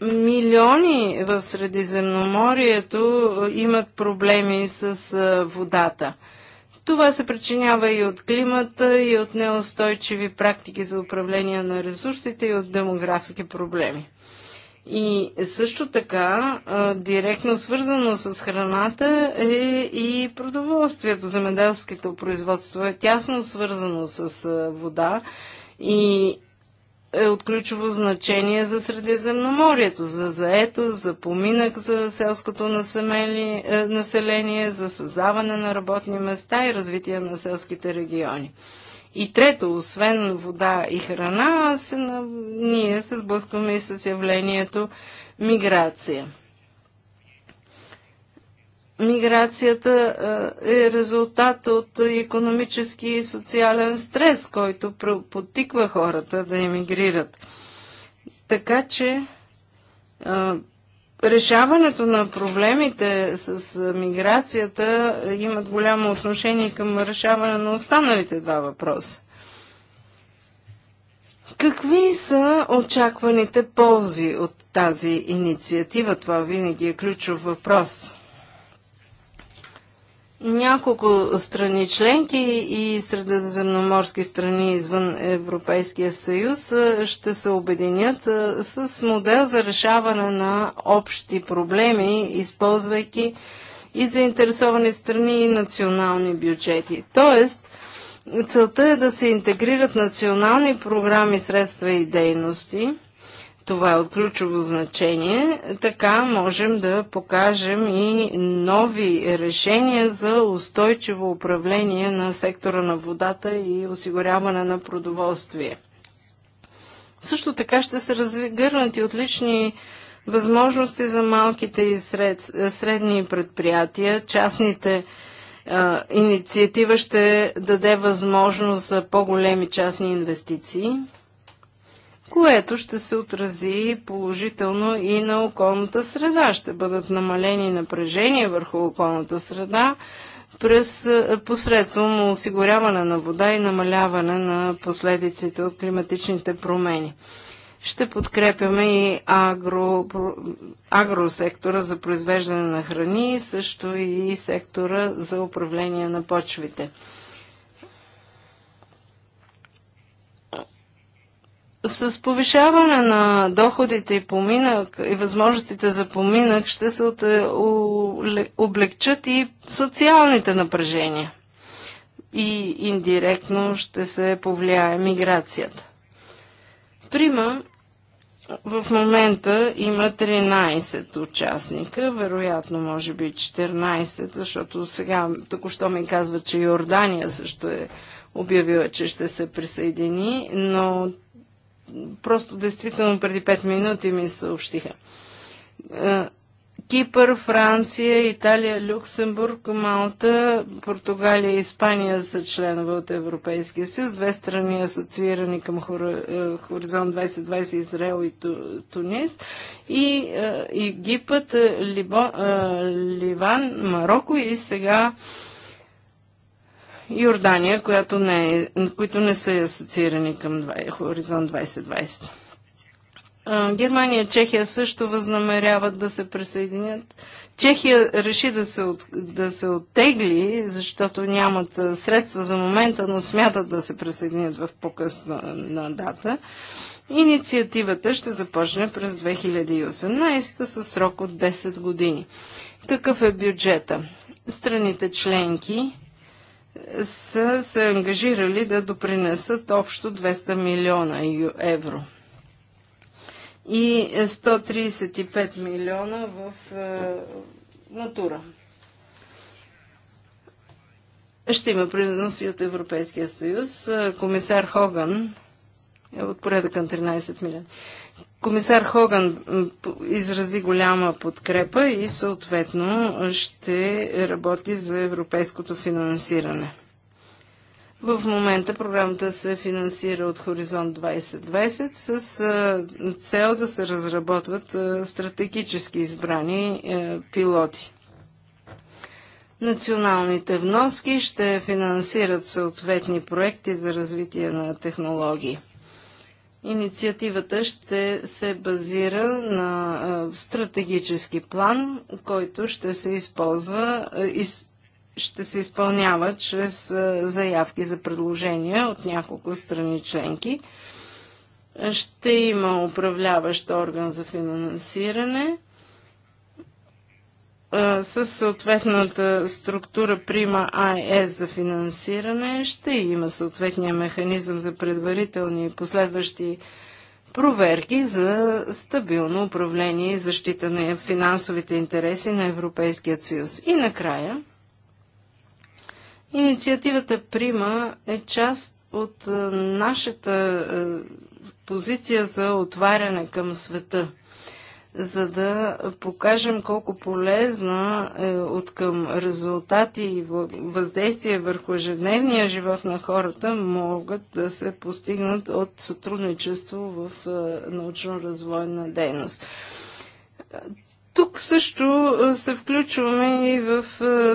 Милиони в Средиземноморието имат проблеми с водата – това се причинява и от климата, и от неустойчиви практики за управление на ресурсите, и от демографски проблеми. И също така, директно свързано с храната е и продоволствието, земеделските производство е тясно свързано с вода и е от ключово значение за Средиземноморието, за заетост, за поминък за селското е, население, за създаване на работни места и развитие на селските региони. И трето, освен вода и храна, се, ние се сблъскваме и с явлението миграция. Миграцията е, е резултат от економически и социален стрес, който подтиква хората да емигрират. Така че е, решаването на проблемите с е, миграцията имат голямо отношение към решаване на останалите два въпроса. Какви са очакваните ползи от тази инициатива? Това винаги е ключов въпрос. Няколко страни членки и средиземноморски страни извън Европейския съюз ще се обединят с модел за решаване на общи проблеми, използвайки и заинтересовани страни и национални бюджети. Тоест, целта е да се интегрират национални програми, средства и дейности – това е от ключово значение. Така можем да покажем и нови решения за устойчиво управление на сектора на водата и осигуряване на продоволствие. Също така ще се разгърнат и отлични възможности за малките и сред, средни предприятия, частните а, инициатива ще даде възможност за по-големи частни инвестиции което ще се отрази положително и на околната среда. Ще бъдат намалени напрежения върху околната среда през посредством осигуряване на вода и намаляване на последиците от климатичните промени. Ще подкрепяме и агро, агросектора за произвеждане на храни, също и сектора за управление на почвите. С повишаване на доходите и поминък и възможностите за поминък ще се е, облегчат и социалните напрежения. И индиректно ще се повлияе миграцията. Прима в момента има 13 участника, вероятно може би 14, защото сега току-що ми казва, че Йордания също е обявила, че ще се присъедини, но просто действително преди 5 минути ми съобщиха. Кипър, Франция, Италия, Люксембург, Малта, Португалия и Испания са членове от Европейския съюз. Две страни асоциирани към е, Хоризонт 2020 Израел и Тунис. И е, Египет, е, Либо, Ливан, Марокко и сега Йордания, която не е, които не са асоциирани към Хоризонт 2020. Германия, и Чехия също възнамеряват да се присъединят. Чехия реши да се, от, да се оттегли, защото нямат средства за момента, но смятат да се присъединят в по-късна на дата. Инициативата ще започне през 2018 със срок от 10 години. Какъв е бюджета? Страните членки са се ангажирали да допринесат общо 200 милиона евро и 135 милиона в е, натура. Ще има принос и от Европейския съюз. Е, комисар Хоган е от порядъка на 13 милиона. Комисар Хоган изрази голяма подкрепа и съответно ще работи за европейското финансиране. В момента програмата се финансира от Хоризонт 2020 с цел да се разработват стратегически избрани е, пилоти. Националните вноски ще финансират съответни проекти за развитие на технологии. Инициативата ще се базира на стратегически план, който ще се използва и ще се изпълнява чрез заявки за предложения от няколко страни членки. Ще има управляващ орган за финансиране – с съответната структура Прима АЕС за финансиране ще има съответния механизъм за предварителни и последващи проверки за стабилно управление и защита на финансовите интереси на Европейския съюз. И накрая, инициативата Прима е част от нашата позиция за отваряне към света – за да покажем колко полезна е от към резултати и въздействие върху ежедневния живот на хората могат да се постигнат от сътрудничество в научно-развойна дейност. Тук също се включваме и в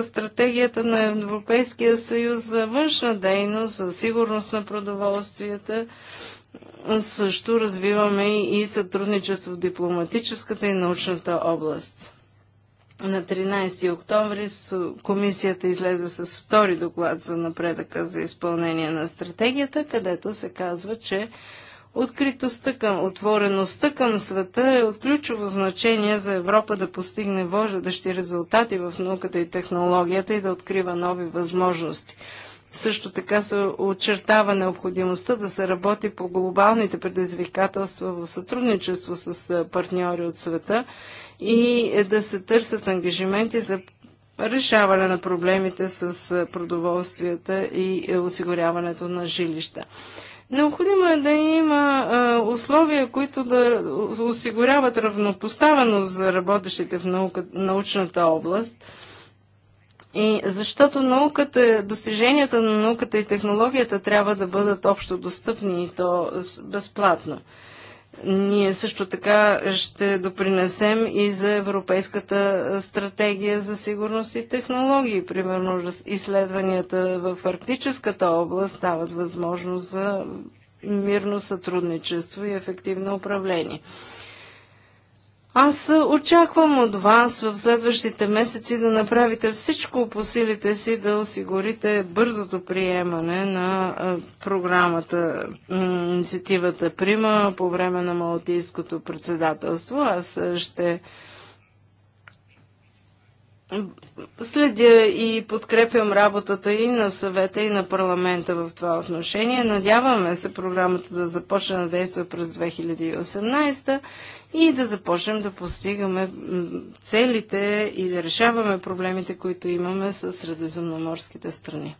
стратегията на Европейския съюз за външна дейност, за сигурност на продоволствията също развиваме и сътрудничество в дипломатическата и научната област. На 13 октомври комисията излезе с втори доклад за напредъка за изпълнение на стратегията, където се казва, че откритостта към, отвореността към света е от ключово значение за Европа да постигне вождащи резултати в науката и технологията и да открива нови възможности. Също така се очертава необходимостта да се работи по глобалните предизвикателства в сътрудничество с партньори от света и е, да се търсят ангажименти за решаване на проблемите с продоволствията и е, осигуряването на жилища. Необходимо е да има а, условия, които да осигуряват равнопоставеност за работещите в наука, научната област – и защото науката, достиженията на науката и технологията трябва да бъдат общо достъпни и то безплатно. Ние също така ще допринесем и за Европейската стратегия за сигурност и технологии. Примерно изследванията в Арктическата област дават възможност за мирно сътрудничество и ефективно управление. Аз очаквам от вас в следващите месеци да направите всичко по силите си да осигурите бързото приемане на програмата, инициативата Прима по време на Малтийското председателство. Аз ще следя и подкрепям работата и на съвета, и на парламента в това отношение. Надяваме се програмата да започне да действа през 2018 и да започнем да постигаме целите и да решаваме проблемите, които имаме с средиземноморските страни.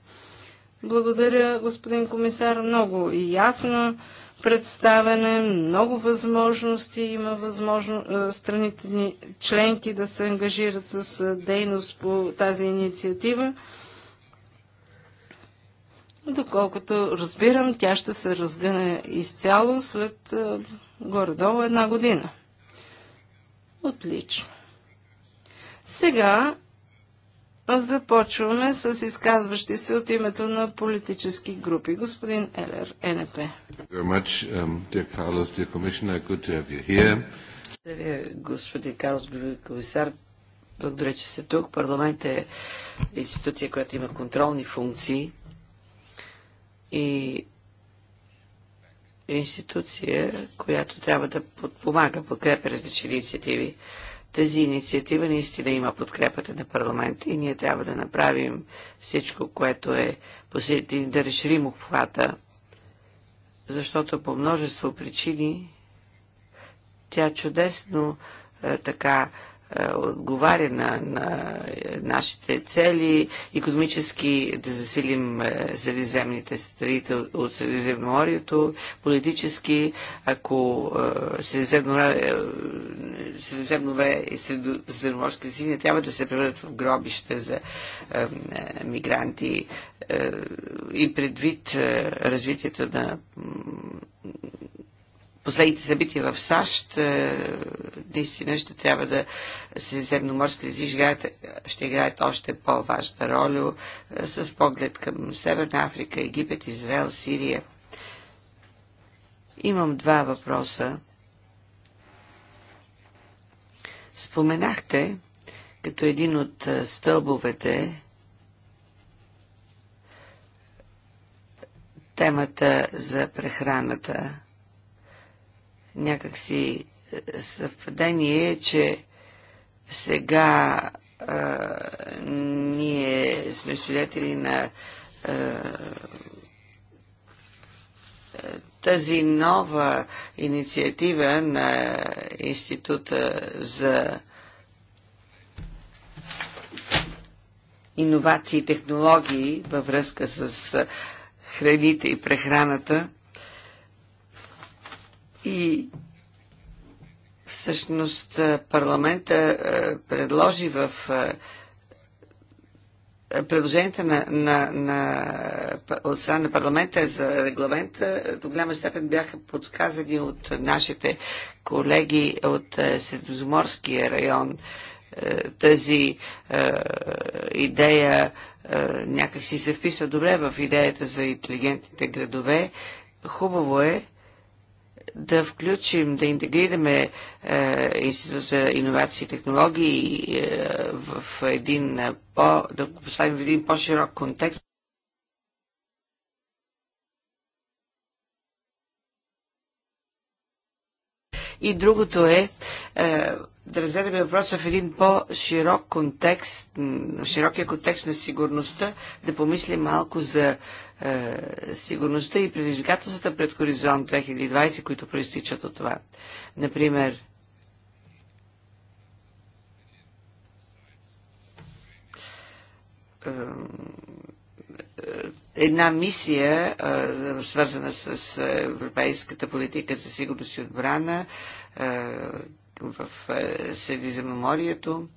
Благодаря, господин комисар. Много и ясно представене, много възможности има възможно, е, страните ни членки да се ангажират с е, дейност по тази инициатива. Доколкото разбирам, тя ще се разгъне изцяло след е, горе-долу една година. Отлично. Сега започваме с изказващи се от името на политически групи. Господин Елер, НП. Um, Благодаря, господин Карлос Комисар. Благодаря, че сте тук. Парламент е институция, която има контролни функции и институция, която трябва да подпомага, подкрепя различни инициативи. Тази инициатива наистина има подкрепата на парламент и ние трябва да направим всичко, което е по да разширим обхвата, защото по множество причини тя чудесно е, така е, отговаря на, на нашите цели, економически да засилим е, средиземните страните от Средиземноморието, политически, ако е, Средиземно море и Средиземноморски синия трябва да се превърнат в гробище за е, мигранти е, и предвид е, развитието на последните събития в САЩ, е, наистина ще трябва да средиземноморските ези ще, ще играят още по-важна роля е, с поглед към Северна Африка, Египет, Израел, Сирия. Имам два въпроса. Споменахте, като един от е, стълбовете, темата за прехраната някакси е, съвпадение, че сега а, е, ние сме свидетели на а, е, тази нова инициатива на Института за иновации и технологии във връзка с храните и прехраната – и всъщност парламента предложи в предложенията на, на, на, от страна на парламента за регламента до голяма степен бяха подсказани от нашите колеги от Средоземорския район. Тази идея някакси се вписва добре в идеята за интелигентните градове. Хубаво е, да включим, да интегрираме е, Институт за иновации и технологии е, в един е, по, да го поставим в един по-широк контекст. И другото е, е да разгледаме въпроса в един по-широк контекст, в широкия контекст на сигурността, да помислим малко за е, сигурността и предизвикателствата пред Хоризонт 2020, които проистичат от това. Например, е, една мисия, свързана с европейската политика за сигурност и отбрана в Средиземноморието.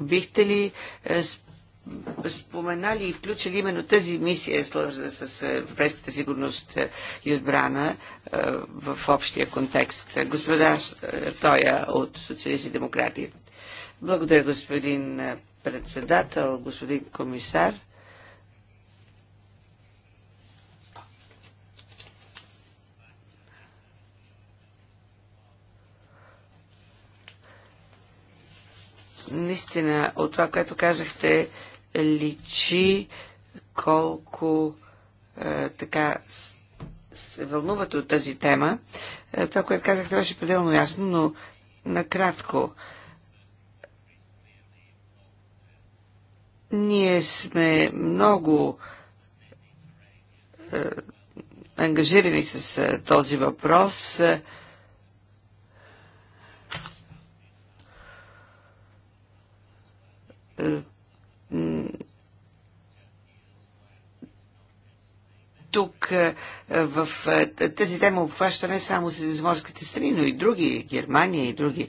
бихте ли споменали и включили именно тази мисия, е свързана с е, европейската сигурност е, и отбрана в общия контекст. Господа Тоя от Социалисти демократи. Благодаря, господин председател, господин комисар. наистина от това, което казахте, личи колко е, така се вълнувате от тази тема. Е, това, което казахте, беше пределно ясно, но накратко. Ние сме много е, ангажирани с е, този въпрос. Е, тук е, е, в е, тази тема обхваща не само средиземорските страни, но и други, Германия и други.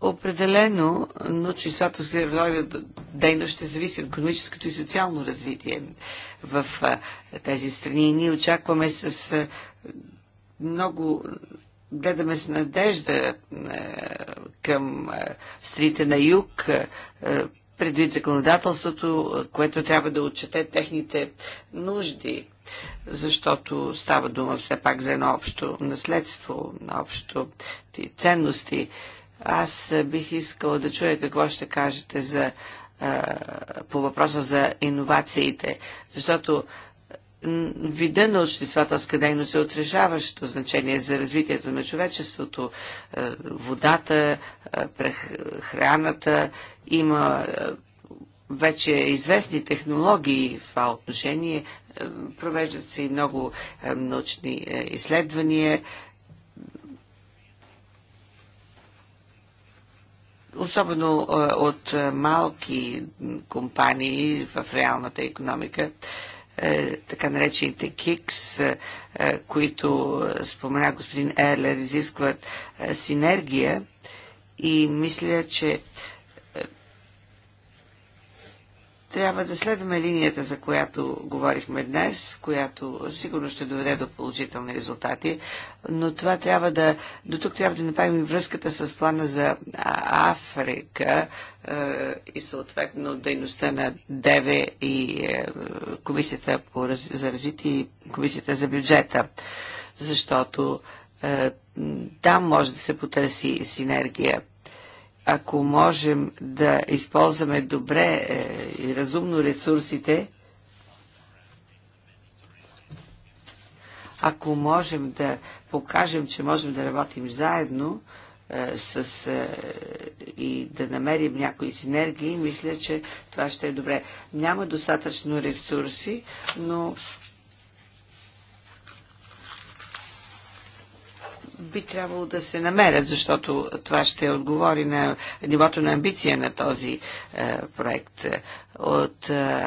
Определено научно-изследователската дейност ще зависи от економическото и социално развитие в тези страни. Ние очакваме с много гледаме с надежда е, към е, страните на юг, е, предвид законодателството, което трябва да отчете техните нужди, защото става дума все пак за едно общо наследство, на общо ценности. Аз бих искала да чуя какво ще кажете за, по въпроса за иновациите, защото вида на изследователска дейност е отрешаващо значение за развитието на човечеството. Е, водата, е, храната има е, вече известни технологии в това отношение. Провеждат се и много научни изследвания. Особено от малки компании в реалната економика. Е, така наречените КИКС, е, е, които спомена господин Ерлер, изискват синергия и мисля, че трябва да следваме линията, за която говорихме днес, която сигурно ще доведе до положителни резултати, но това трябва да, до тук трябва да направим връзката с плана за Африка е, и съответно дейността на ДЕВЕ и е, Комисията по, за развитие и Комисията за бюджета, защото е, там може да се потърси синергия ако можем да използваме добре е, и разумно ресурсите, ако можем да покажем, че можем да работим заедно е, с, е, и да намерим някои синергии, мисля, че това ще е добре. Няма достатъчно ресурси, но би трябвало да се намерят, защото това ще отговори на нивото на амбиция на този е, проект. От е,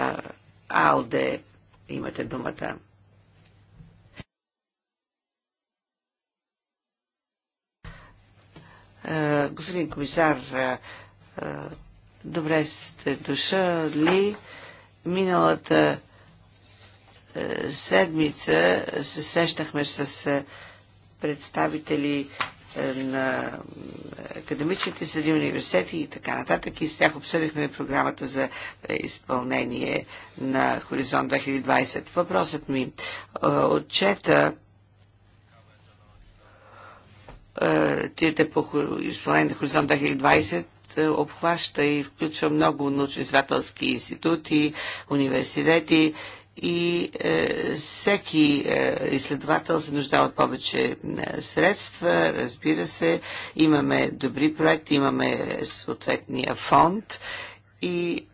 АЛДЕ имате думата. Е, господин комисар, е, е добре сте дошли. Миналата е, седмица се срещнахме с е, представители е, на академичните среди, университети и така нататък. И с тях обсъдихме програмата за е, изпълнение на Хоризонт 2020. Въпросът ми е, отчета тиете по изпълнение на Хоризонт 2020 обхваща и включва много научно-изследователски институти, университети и е, всеки е, изследовател се нуждае от повече е, средства, разбира се, имаме добри проекти, имаме съответния фонд и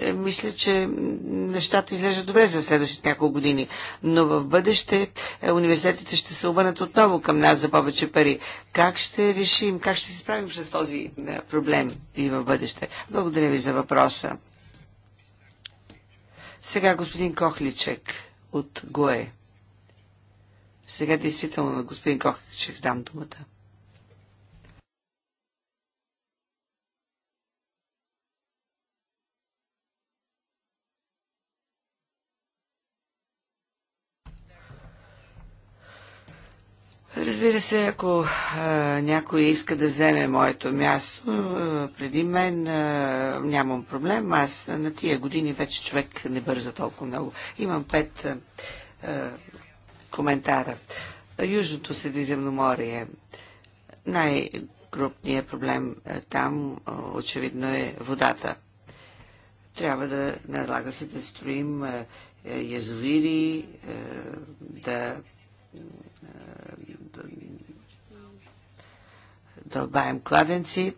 е, мисля, че нещата изглеждат добре за следващите няколко години, но в бъдеще е, университетите ще се обърнат отново към нас за повече пари. Как ще решим, как ще се справим с този е, проблем и в бъдеще? Благодаря ви за въпроса. Сега господин Кохличек от ГОЕ. Сега действително на господин Кохличек дам думата. Разбира се, ако а, някой иска да вземе моето място, а, преди мен а, нямам проблем. Аз на тия години вече човек не бърза толкова много. Имам пет а, а, коментара. Южното Средиземноморие. Най-крупният проблем а, там а, очевидно е водата. Трябва да налага се да строим а, язовири, а, да дълбаем кладенци.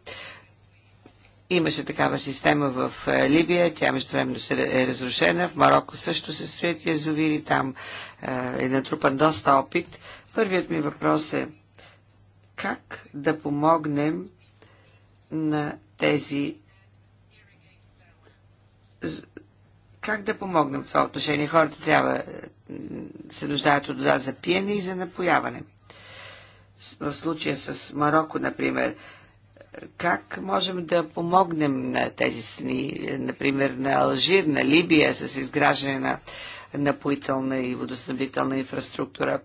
Имаше такава система в е, Либия, тя междувременно е разрушена. В Марокко също се строят язовири, там е, е натрупан доста опит. Първият ми въпрос е как да помогнем на тези как да помогнем в това отношение? Хората трябва е, се нуждаят от вода за пиене и за напояване в случая с Марокко, например, как можем да помогнем на тези страни, например на Алжир, на Либия, с изграждане на напоителна и водоснабдителна инфраструктура?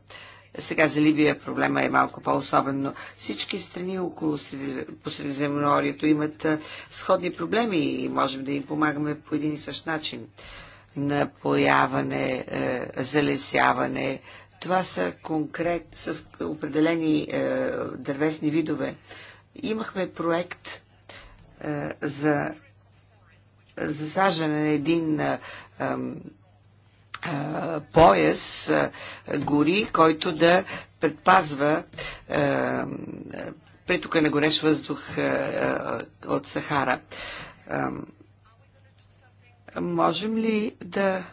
Сега за Либия проблема е малко по-особен, но всички страни около Средиземноморието имат сходни проблеми и можем да им помагаме по един и същ начин. Напояване, е, залесяване, това са конкрет с определени е, дървесни видове. Имахме проект е, за засаждане на един е, е, пояс е, гори, който да предпазва е, е притока на горещ въздух е, е, от Сахара. Е, можем ли да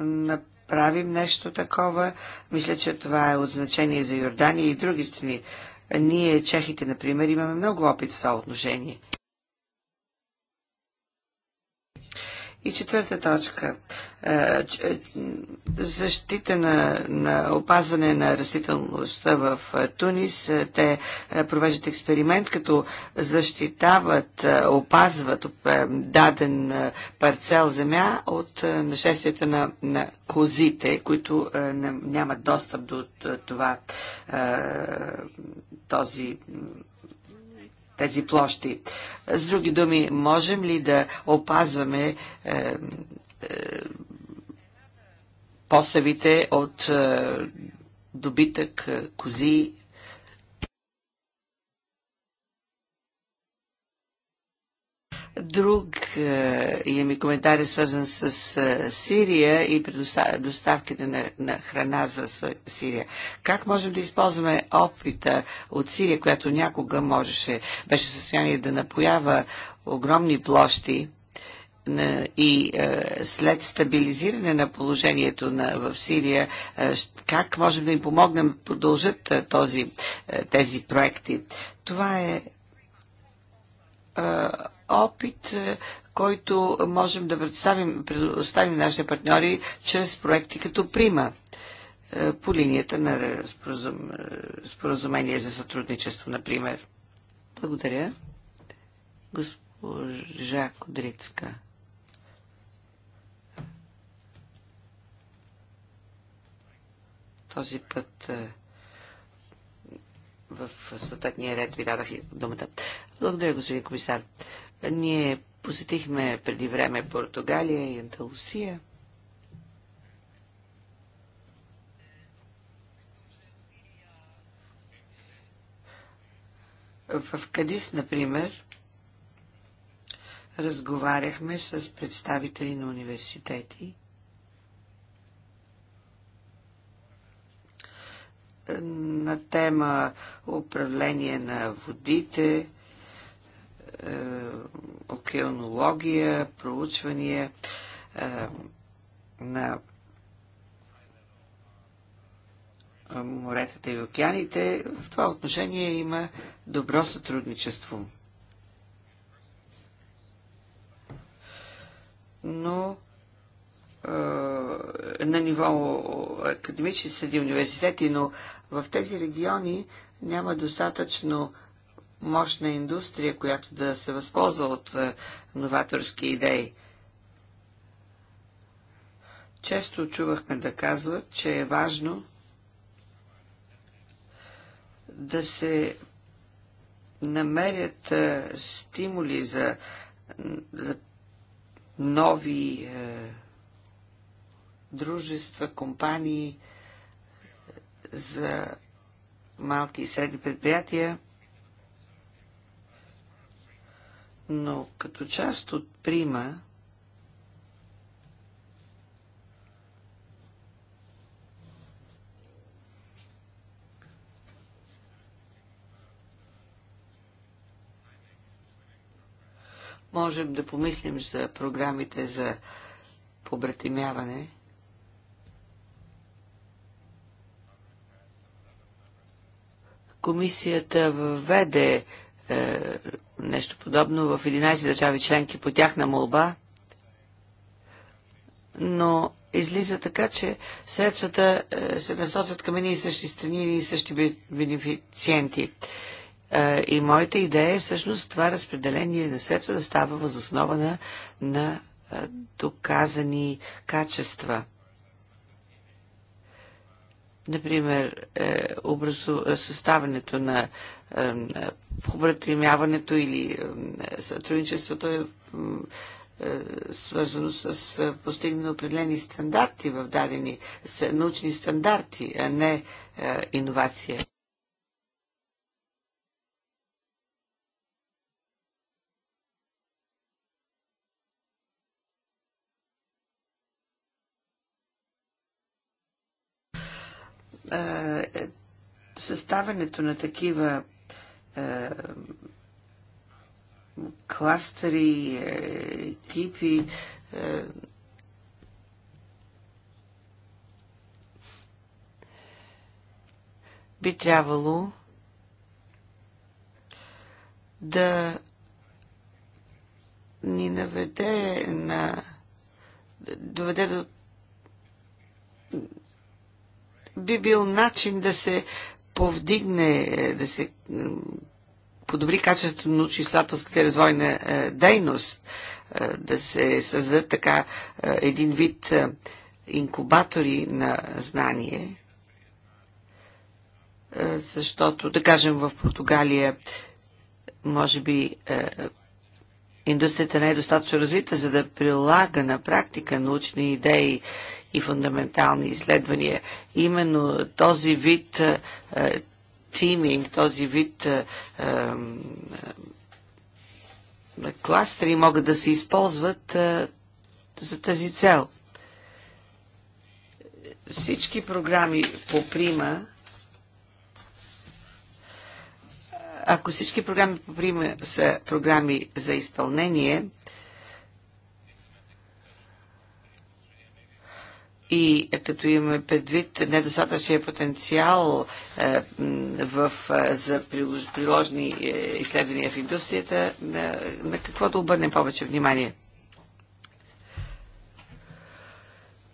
направим нещо такова. Мисля, че това е от значение за Йордания и други страни. Ние, чехите, например, имаме много опит в това отношение. И четвърта точка. Е, е, защита на, на опазване на растителността в е, Тунис. Те провеждат експеримент, като защитават, опазват даден парцел земя от нашествията на, на козите, които нямат достъп до това този тези площи. С други думи, можем ли да опазваме е, е, посевите от е, добитък, е, кози, Друг е ми коментар е свързан с е, Сирия и доставките на, на храна за Сирия. Как можем да използваме опита от Сирия, която някога можеше, беше в състояние да напоява огромни площи е, и е, след стабилизиране на положението на, в Сирия, е, как можем да им помогнем да продължат е, този, е, тези проекти. Това е опит, който можем да представим, предоставим нашите партньори чрез проекти като Прима по линията на споразум... споразумение за сътрудничество, например. Благодаря. Госпожа Кодрицка. Този път в съответния ред ви дадах думата. Благодаря, господин комисар. Ние посетихме преди време Португалия и Андалусия. В Кадис, например, разговаряхме с представители на университети. на тема управление на водите, е, океанология, проучвания е, на моретата и океаните. В това отношение има добро сътрудничество. Но е, на ниво академични среди университети, но в тези региони няма достатъчно мощна индустрия, която да се възползва от е, новаторски идеи. Често чувахме да казват, че е важно да се намерят е, стимули за, за нови е, дружества, компании, за малки и средни предприятия. но като част от прима можем да помислим за програмите за побратимяване. Комисията въведе е, нещо подобно в 11 държави членки по тяхна молба, но излиза така, че средствата е, се насочат към едни и същи страни, и същи бенефициенти. Е, и моята идея е всъщност това разпределение на средства да става възоснова на, на е, доказани качества. Например, образу... съставането на обратимяването или е, сътрудничеството е, е свързано с е, постигане определени стандарти в дадени научни стандарти, а не иновация. съставянето на такива кластери, екипи. Е, би трябвало да ни наведе на доведе до би бил начин да се повдигне, е, да се е, подобри качеството на научно-изследователската развойна е, дейност, да се създадат така един вид инкубатори на знание, защото, да кажем, в Португалия, може би, индустрията не е достатъчно развита, за да прилага на практика научни идеи и фундаментални изследвания. Именно този вид е, тиминг, този вид е, е, кластери могат да се използват за тази цел. Всички програми по прима ако всички програми по прима са програми за изпълнение, и е, като имаме предвид недостатъчния потенциал е, в, е, за приложни изследвания в индустрията, на, на какво да обърнем повече внимание?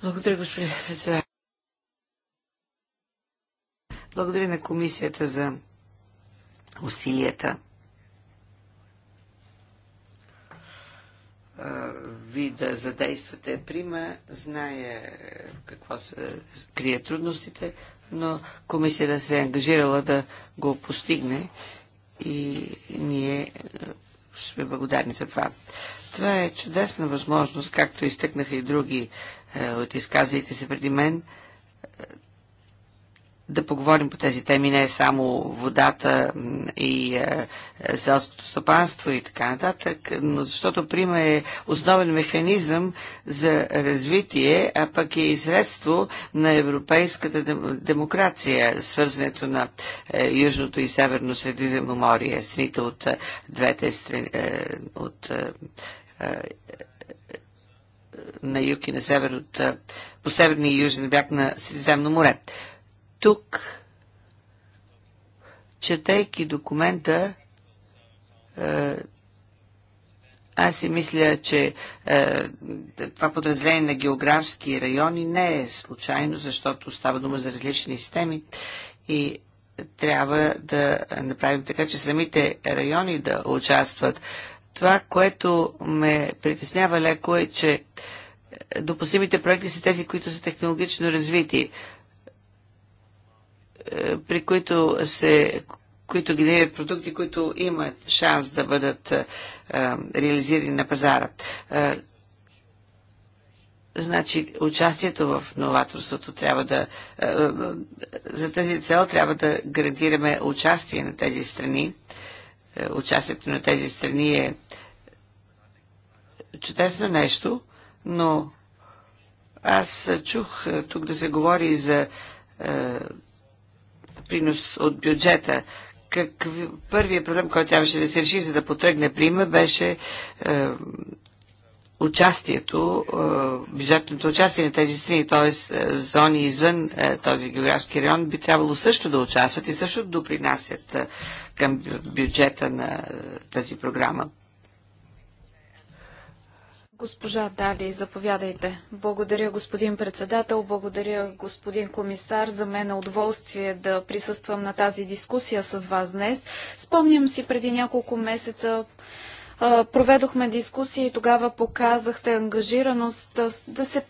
Благодаря, господин председател. Благодаря на комисията за усилията ви да задействате прима. знае е, какво се крие трудностите, но комисията се е ангажирала да го постигне и ние е, сме благодарни за това. Това е чудесна възможност, както изтъкнаха и други е, от изказалите се преди мен, да поговорим по тези теми, не само водата и е, е, селското стопанство и така нататък, но защото прима е основен механизъм за развитие, а пък е и средство на европейската демокрация, свързването на е, Южното и Северно море, страните от е, двете страни, е, от е, е, е на юг и на север от по северния и южен бяг на Средиземно море. Е, тук, четейки документа, е, аз си мисля, че е, това подразделение на географски райони не е случайно, защото става дума за различни системи и трябва да направим така, че самите райони да участват. Това, което ме притеснява леко е, че допустимите проекти са тези, които са технологично развити при които се които генерират продукти, които имат шанс да бъдат е, реализирани на пазара. Е, значи, участието в новаторството трябва да... Е, е, за тази цел трябва да гарантираме участие на тези страни. Е, участието на тези страни е чудесно нещо, но аз чух е, тук да се говори за е, принос от бюджета. Какви, първият проблем, който трябваше да се реши, за да потръгне прима, беше е, участието, е, бюджетното участие на тези страни, т.е. зони извън е, този географски район, би трябвало също да участват и също да допринасят е, към бюджета на е, тази програма. Госпожа Дали, заповядайте. Благодаря, господин председател, благодаря, господин комисар. За мен е удоволствие да присъствам на тази дискусия с вас днес. Спомням си преди няколко месеца проведохме дискусии и тогава показахте ангажираност да, да се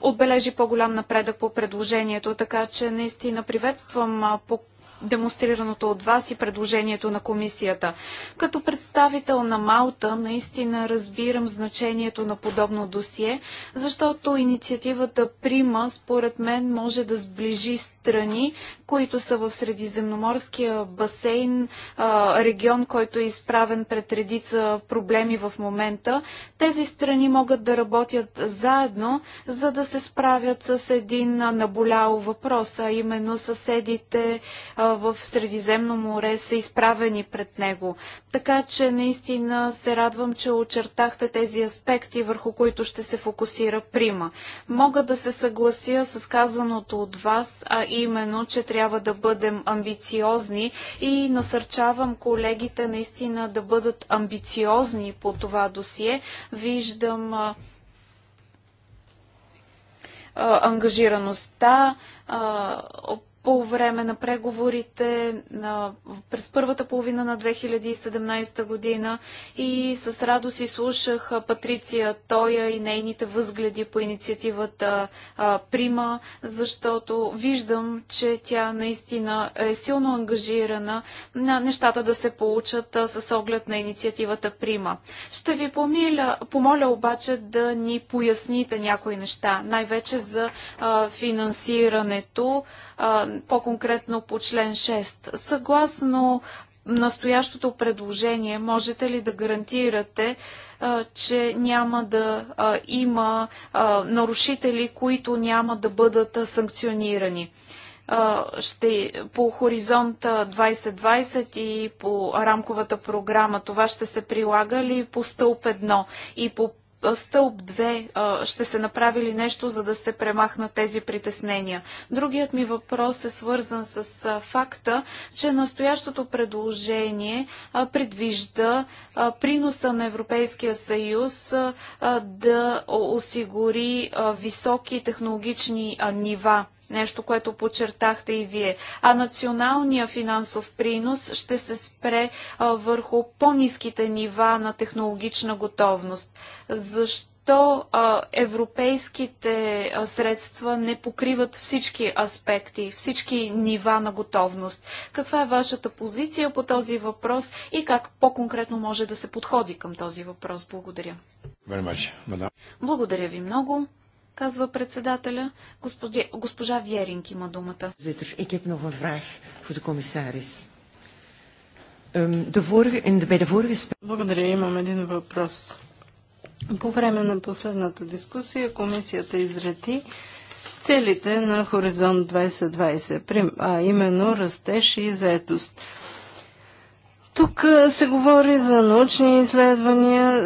отбележи по-голям напредък по предложението, така че наистина приветствам по демонстрираното от вас и предложението на комисията. Като представител на Малта, наистина разбирам значението на подобно досие, защото инициативата Прима, според мен, може да сближи страни, които са в Средиземноморския басейн, регион, който е изправен пред редица проблеми в момента. Тези страни могат да работят заедно, за да се справят с един наболял въпрос, а именно съседите в Средиземно море са изправени пред него. Така че наистина се радвам, че очертахте тези аспекти, върху които ще се фокусира Прима. Мога да се съглася с казаното от вас, а именно, че трябва да бъдем амбициозни и насърчавам колегите наистина да бъдат амбициозни по това досие. Виждам ангажираността, по време на преговорите на, през първата половина на 2017 година и с радост изслушах Патриция Тоя и нейните възгледи по инициативата а, Прима, защото виждам, че тя наистина е силно ангажирана на нещата да се получат а, с оглед на инициативата Прима. Ще ви помиля, помоля обаче да ни поясните някои неща, най-вече за а, финансирането по-конкретно по член 6. Съгласно настоящото предложение, можете ли да гарантирате, че няма да има нарушители, които няма да бъдат санкционирани? ще, по Хоризонт 2020 и по рамковата програма. Това ще се прилага ли по стълб 1 и по стълб 2 ще се направи ли нещо, за да се премахнат тези притеснения? Другият ми въпрос е свързан с факта, че настоящото предложение предвижда приноса на Европейския съюз да осигури високи технологични нива нещо, което подчертахте и вие. А националния финансов принос ще се спре а, върху по-низките нива на технологична готовност. Защо? то а, европейските а, средства не покриват всички аспекти, всички нива на готовност. Каква е вашата позиция по този въпрос и как по-конкретно може да се подходи към този въпрос? Благодаря. Благодаря ви много казва председателя. Господи, госпожа Вьеринг има думата. Ik heb nog een vraag voor de commissaris. Ehm, Благодаря, имам един въпрос. По време на последната дискусия комисията изрети целите на Хоризонт 2020, а именно растеж и заетост. Тук се говори за научни изследвания,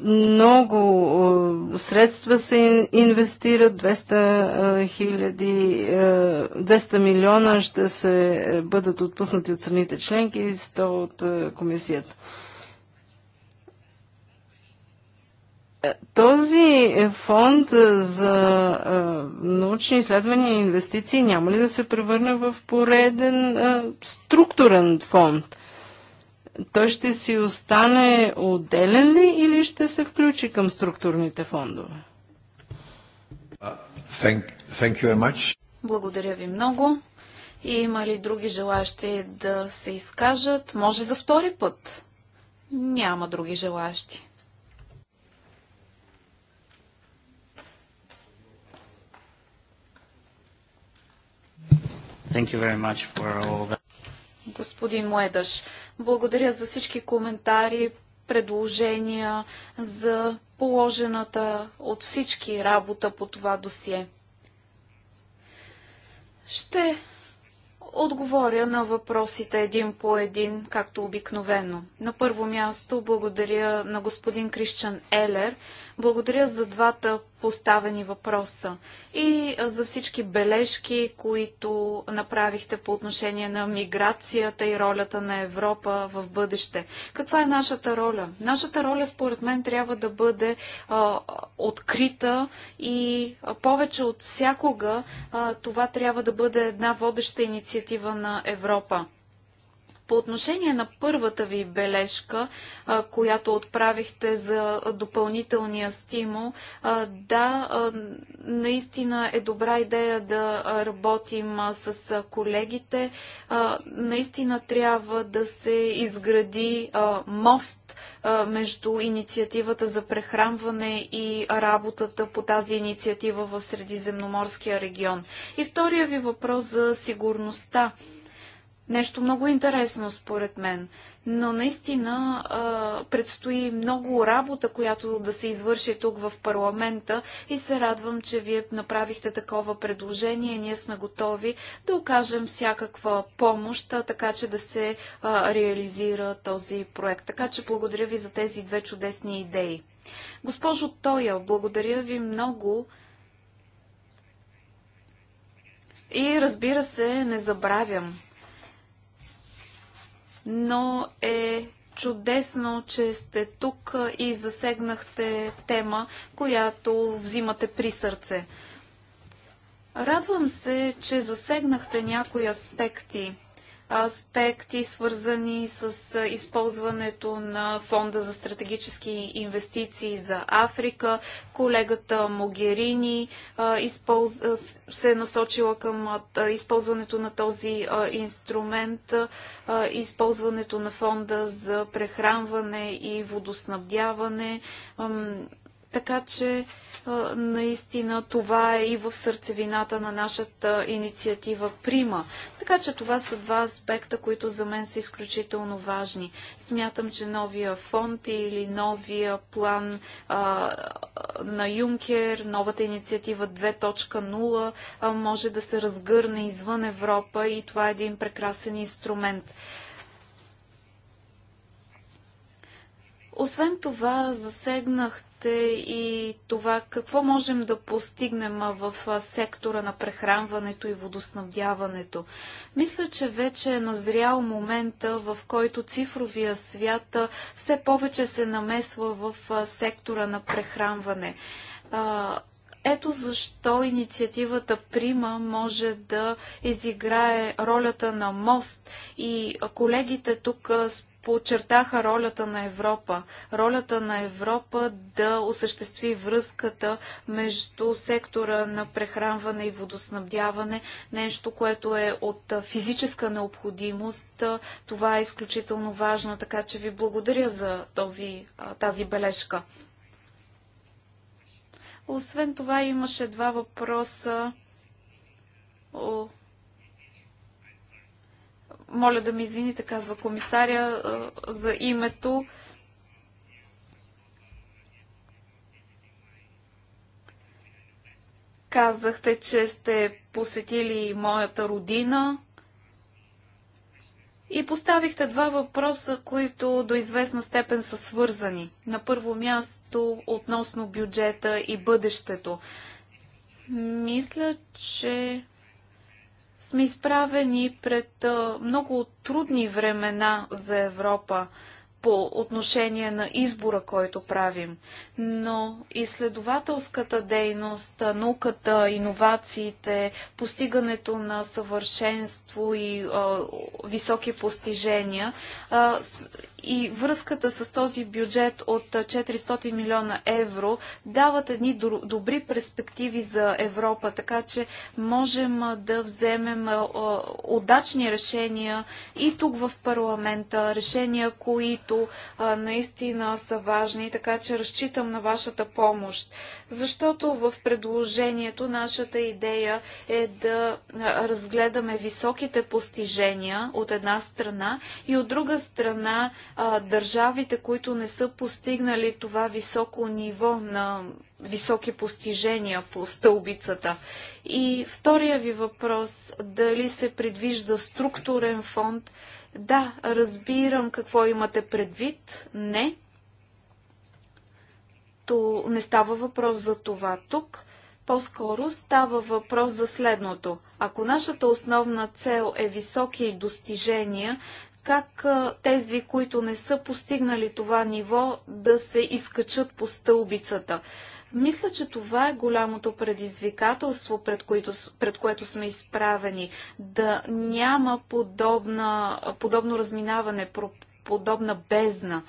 много средства се инвестират, 200, хиляди, 200 милиона ще се бъдат отпуснати от страните членки и 100 от комисията. Този фонд за научни изследвания и инвестиции няма ли да се превърне в пореден структурен фонд? той ще си остане отделен ли или ще се включи към структурните фондове? Uh, thank, thank you very much. Благодаря ви много. И има ли други желащи да се изкажат? Може за втори път. Няма други желащи. Thank you very much for all that. Господин Муедаш, благодаря за всички коментари, предложения, за положената от всички работа по това досие. Ще отговоря на въпросите един по един, както обикновено. На първо място благодаря на господин Крищан Елер благодаря за двата поставени въпроса и за всички бележки, които направихте по отношение на миграцията и ролята на Европа в бъдеще. Каква е нашата роля? Нашата роля, според мен, трябва да бъде а, открита и а, повече от всякога а, това трябва да бъде една водеща инициатива на Европа. По отношение на първата ви бележка, която отправихте за допълнителния стимул, да, наистина е добра идея да работим с колегите. Наистина трябва да се изгради мост между инициативата за прехранване и работата по тази инициатива в Средиземноморския регион. И втория ви въпрос за сигурността. Нещо много интересно, според мен. Но наистина а, предстои много работа, която да се извърши тук в парламента и се радвам, че вие направихте такова предложение. Ние сме готови да окажем всякаква помощ, а, така че да се а, реализира този проект. Така че благодаря ви за тези две чудесни идеи. Госпожо Тоя, благодаря ви много. И разбира се, не забравям но е чудесно, че сте тук и засегнахте тема, която взимате при сърце. Радвам се, че засегнахте някои аспекти аспекти, свързани с използването на Фонда за стратегически инвестиции за Африка. Колегата Могерини се е насочила към използването на този инструмент, използването на Фонда за прехранване и водоснабдяване, така че наистина това е и в сърцевината на нашата инициатива Прима. Така че това са два аспекта, които за мен са изключително важни. Смятам, че новия фонд или новия план а, на Юнкер, новата инициатива 2.0 а, може да се разгърне извън Европа и това е един прекрасен инструмент. Освен това, засегнах въпросите и това какво можем да постигнем в сектора на прехранването и водоснабдяването. Мисля, че вече е назрял момента, в който цифровия свят все повече се намесва в сектора на прехранване. Ето защо инициативата Прима може да изиграе ролята на мост и колегите тук подчертаха ролята на Европа. Ролята на Европа да осъществи връзката между сектора на прехранване и водоснабдяване, нещо, което е от физическа необходимост. Това е изключително важно, така че ви благодаря за този, тази бележка. Освен това имаше два въпроса моля да ми извините, казва комисаря, за името. Казахте, че сте посетили моята родина и поставихте два въпроса, които до известна степен са свързани. На първо място относно бюджета и бъдещето. Мисля, че сме изправени пред много трудни времена за Европа по отношение на избора, който правим. Но изследователската дейност, науката, иновациите, постигането на съвършенство и а, високи постижения а, и връзката с този бюджет от 400 милиона евро дават едни добри перспективи за Европа, така че можем да вземем удачни решения и тук в парламента, решения, които наистина са важни, така че разчитам на вашата помощ. Защото в предложението нашата идея е да разгледаме високите постижения от една страна и от друга страна а, държавите, които не са постигнали това високо ниво на високи постижения по стълбицата. И втория ви въпрос, дали се предвижда структурен фонд? Да, разбирам какво имате предвид. Не. То не става въпрос за това тук. По-скоро става въпрос за следното. Ако нашата основна цел е високи достижения, как тези, които не са постигнали това ниво, да се изкачат по стълбицата. Мисля, че това е голямото предизвикателство, пред, които, пред което сме изправени. Да няма подобна, подобно разминаване, подобна бездна.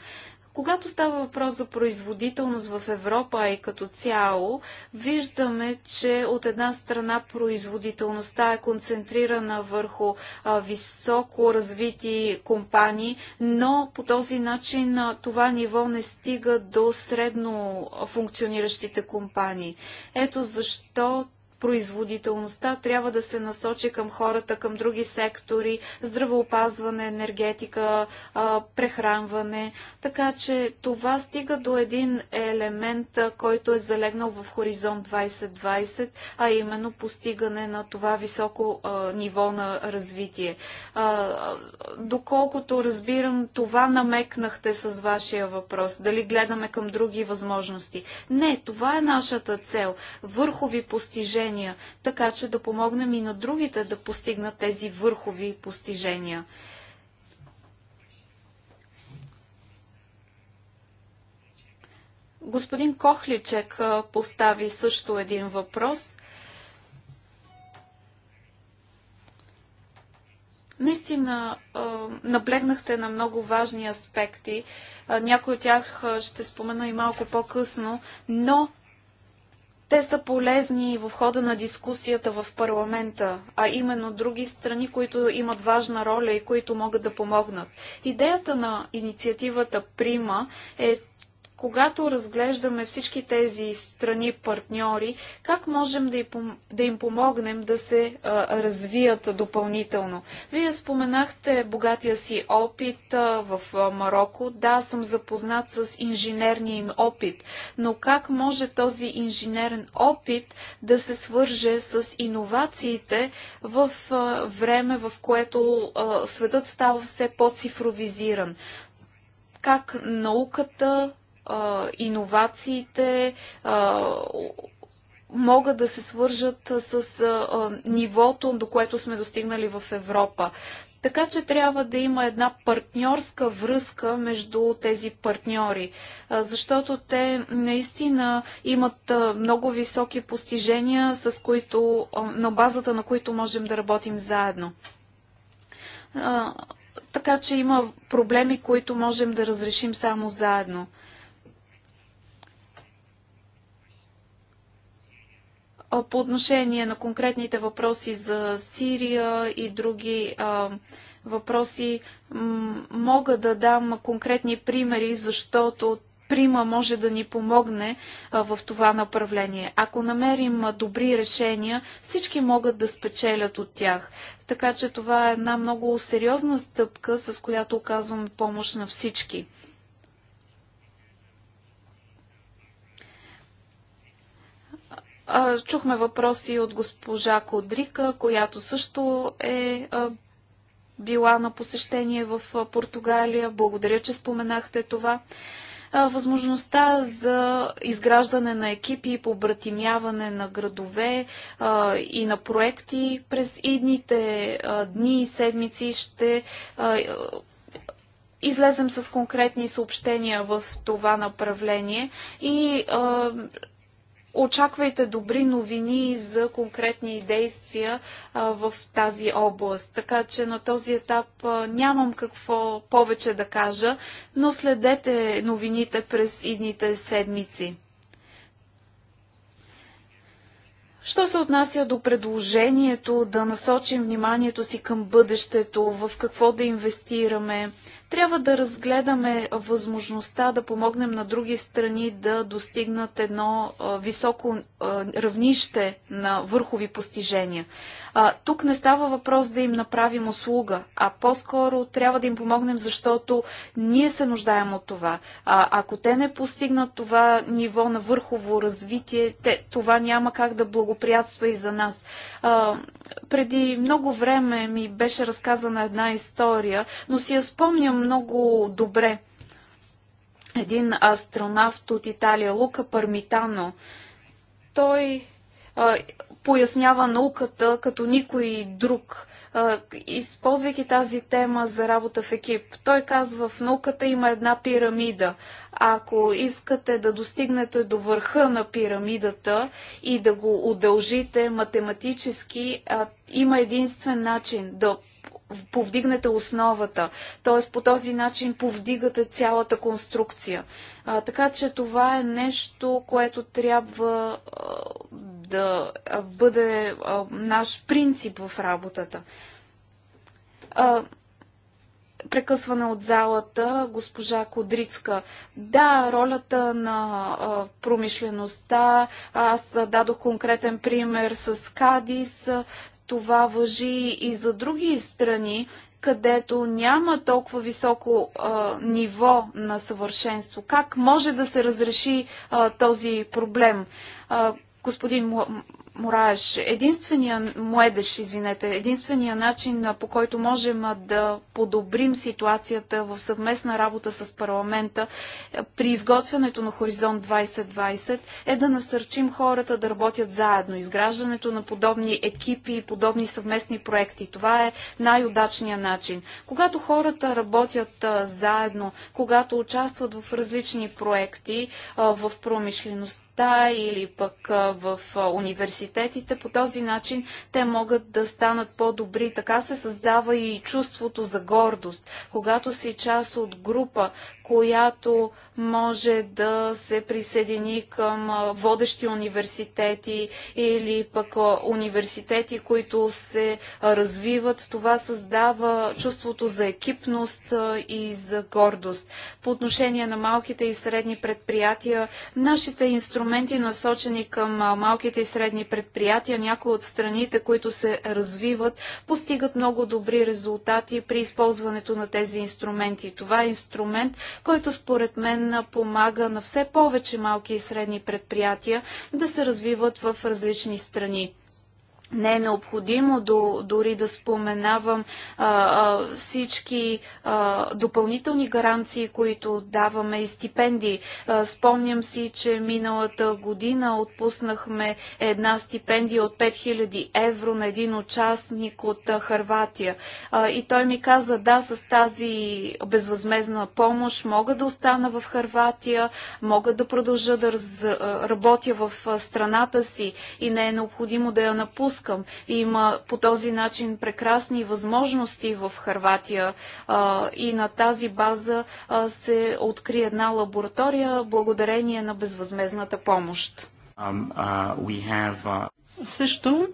Когато става въпрос за производителност в Европа и като цяло, виждаме, че от една страна производителността е концентрирана върху а, високо развити компании, но по този начин а, това ниво не стига до средно функциониращите компании. Ето защо производителността трябва да се насочи към хората, към други сектори, здравеопазване, енергетика, прехранване. Така че това стига до един елемент, който е залегнал в Хоризонт 2020, а именно постигане на това високо ниво на развитие. Доколкото разбирам, това намекнахте с вашия въпрос. Дали гледаме към други възможности? Не, това е нашата цел. Върхови постижения постижения, така че да помогнем и на другите да постигнат тези върхови постижения. Господин Кохличек постави също един въпрос. Наистина наблегнахте на много важни аспекти. Някои от тях ще спомена и малко по-късно, но те са полезни в хода на дискусията в парламента, а именно други страни, които имат важна роля и които могат да помогнат. Идеята на инициативата Прима е когато разглеждаме всички тези страни партньори, как можем да им помогнем да се развият допълнително? Вие споменахте богатия си опит в Марокко. Да, съм запознат с инженерния им опит, но как може този инженерен опит да се свърже с иновациите в време, в което светът става все по-цифровизиран? Как науката иновациите могат да се свържат с нивото, до което сме достигнали в Европа. Така че трябва да има една партньорска връзка между тези партньори, защото те наистина имат много високи постижения, с които, на базата на които можем да работим заедно. Така че има проблеми, които можем да разрешим само заедно. По отношение на конкретните въпроси за Сирия и други а, въпроси, мога да дам конкретни примери, защото Прима може да ни помогне а, в това направление. Ако намерим а, добри решения, всички могат да спечелят от тях. Така че това е една много сериозна стъпка, с която оказваме помощ на всички. Чухме въпроси от госпожа Кодрика, която също е била на посещение в Португалия. Благодаря, че споменахте това. Възможността за изграждане на екипи побратимяване на градове и на проекти през идните дни и седмици ще излезем с конкретни съобщения в това направление и очаквайте добри новини за конкретни действия в тази област. Така че на този етап нямам какво повече да кажа, но следете новините през идните седмици. Що се отнася до предложението да насочим вниманието си към бъдещето, в какво да инвестираме, трябва да разгледаме възможността да помогнем на други страни да достигнат едно високо равнище на върхови постижения. Тук не става въпрос да им направим услуга, а по-скоро трябва да им помогнем, защото ние се нуждаем от това. А, ако те не постигнат това ниво на върхово развитие, те, това няма как да благоприятства и за нас. А, преди много време ми беше разказана една история, но си я спомням много добре. Един астронавт от Италия, Лука Пармитано, той а, пояснява науката като никой друг, а, използвайки тази тема за работа в екип. Той казва, в науката има една пирамида. Ако искате да достигнете до върха на пирамидата и да го удължите математически, а, има единствен начин да повдигнете основата. Т.е. по този начин повдигате цялата конструкция. А, така че това е нещо, което трябва а, да бъде а, наш принцип в работата. А, прекъсване от залата, госпожа Кодрицка. Да, ролята на а, промишлеността. Аз дадох конкретен пример с Кадис. Това въжи и за други страни, където няма толкова високо а, ниво на съвършенство. Как може да се разреши а, този проблем? А, господин Мораеш, единствения младеж, извинете, единствения начин по който можем да подобрим ситуацията в съвместна работа с парламента е, при изготвянето на Хоризонт 2020 е да насърчим хората да работят заедно. Изграждането на подобни екипи и подобни съвместни проекти. Това е най-удачният начин. Когато хората работят заедно, когато участват в различни проекти в промишлеността, места или пък в университетите. По този начин те могат да станат по-добри. Така се създава и чувството за гордост. Когато си част от група, която може да се присъедини към водещи университети или пък университети, които се развиват. Това създава чувството за екипност и за гордост. По отношение на малките и средни предприятия, нашите инструменти инструменти насочени към малките и средни предприятия. Някои от страните, които се развиват, постигат много добри резултати при използването на тези инструменти. Това е инструмент, който според мен помага на все повече малки и средни предприятия да се развиват в различни страни не е необходимо до, дори да споменавам а, а, всички а, допълнителни гаранции, които даваме и стипендии. А, спомням си, че миналата година отпуснахме една стипендия от 5000 евро на един участник от а, Харватия. А, и той ми каза, да, с тази безвъзмезна помощ мога да остана в Харватия, мога да продължа да раз, работя в страната си и не е необходимо да я напусна пропускам. Има по този начин прекрасни възможности в Харватия а, и на тази база а, се откри една лаборатория благодарение на безвъзмезната помощ. Um, uh, have, uh... Също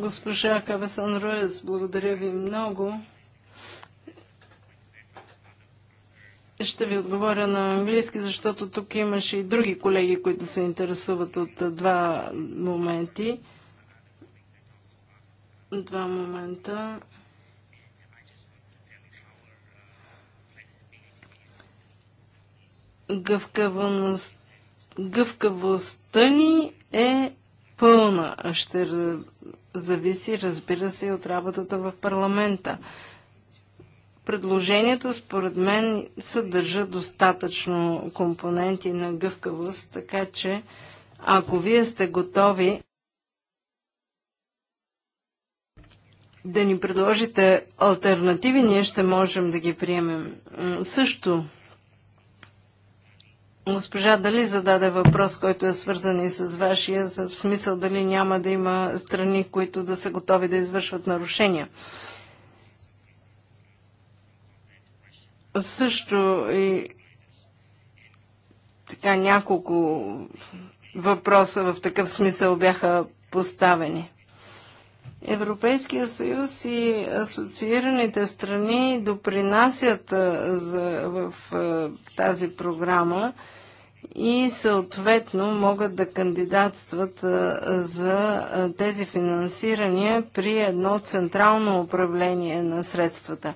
госпожа Кавесан Роес, благодаря ви много. Ще ви отговоря на английски, защото тук имаше и други колеги, които се интересуват от два моменти. Два момента. гъвкавостта ни е пълна. Ще зависи, разбира се, от работата в парламента предложението според мен съдържа достатъчно компоненти на гъвкавост, така че ако вие сте готови да ни предложите альтернативи, ние ще можем да ги приемем. Също госпожа Дали зададе въпрос, който е свързан и с вашия, в смисъл дали няма да има страни, които да са готови да извършват нарушения. Също и така няколко въпроса в такъв смисъл бяха поставени. Европейския съюз и асоциираните страни допринасят за, в, в тази програма и съответно могат да кандидатстват за тези финансирания при едно централно управление на средствата.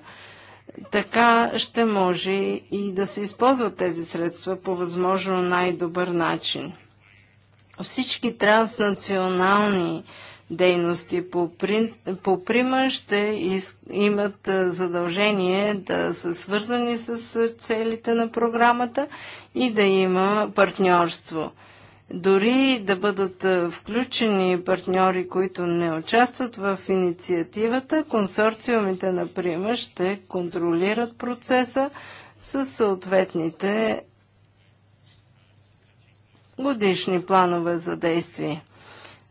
Така ще може и да се използват тези средства по възможно най-добър начин. Всички транснационални дейности по, при, по прима ще из, имат задължение да са свързани с целите на програмата и да има партньорство – дори да бъдат е, включени партньори, които не участват в инициативата, консорциумите, на приема ще контролират процеса с съответните годишни планове за действие.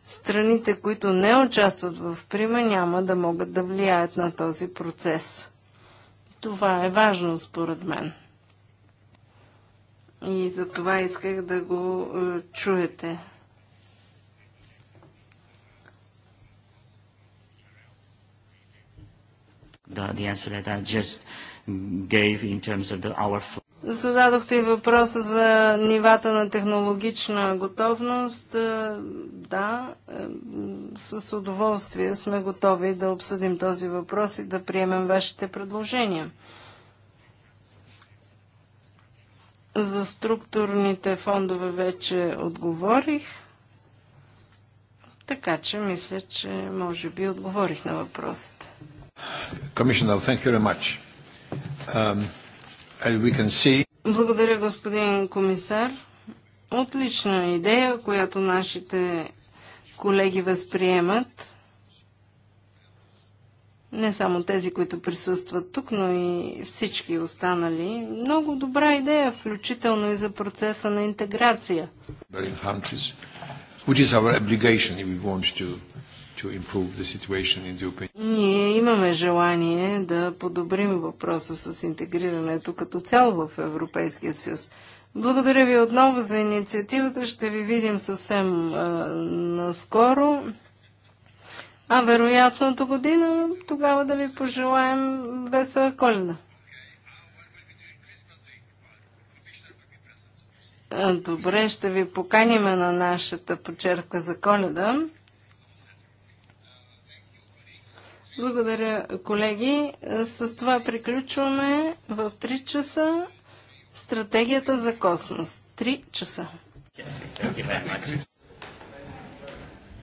Страните, които не участват в прима, няма да могат да влияят на този процес. Това е важно според мен. И за това исках да го е, чуете. Зададохте и въпроса за нивата на технологична готовност. Е, да, е, с удоволствие сме готови да обсъдим този въпрос и да приемем вашите предложения. За структурните фондове вече отговорих. Така че мисля, че може би отговорих на въпросите. Commissioner, thank you very much. Um, we can see... Благодаря, господин комисар. Отлична идея, която нашите колеги възприемат не само тези, които присъстват тук, но и всички останали. Много добра идея, включително и за процеса на интеграция. Ние имаме желание да подобрим въпроса с интегрирането като цяло в Европейския съюз. Благодаря ви отново за инициативата. Ще ви видим съвсем а, наскоро. А вероятно до година тогава да ви пожелаем весела коледа. Добре, ще ви поканим на нашата почерка за коледа. Благодаря, колеги. С това приключваме в 3 часа стратегията за космос. 3 часа.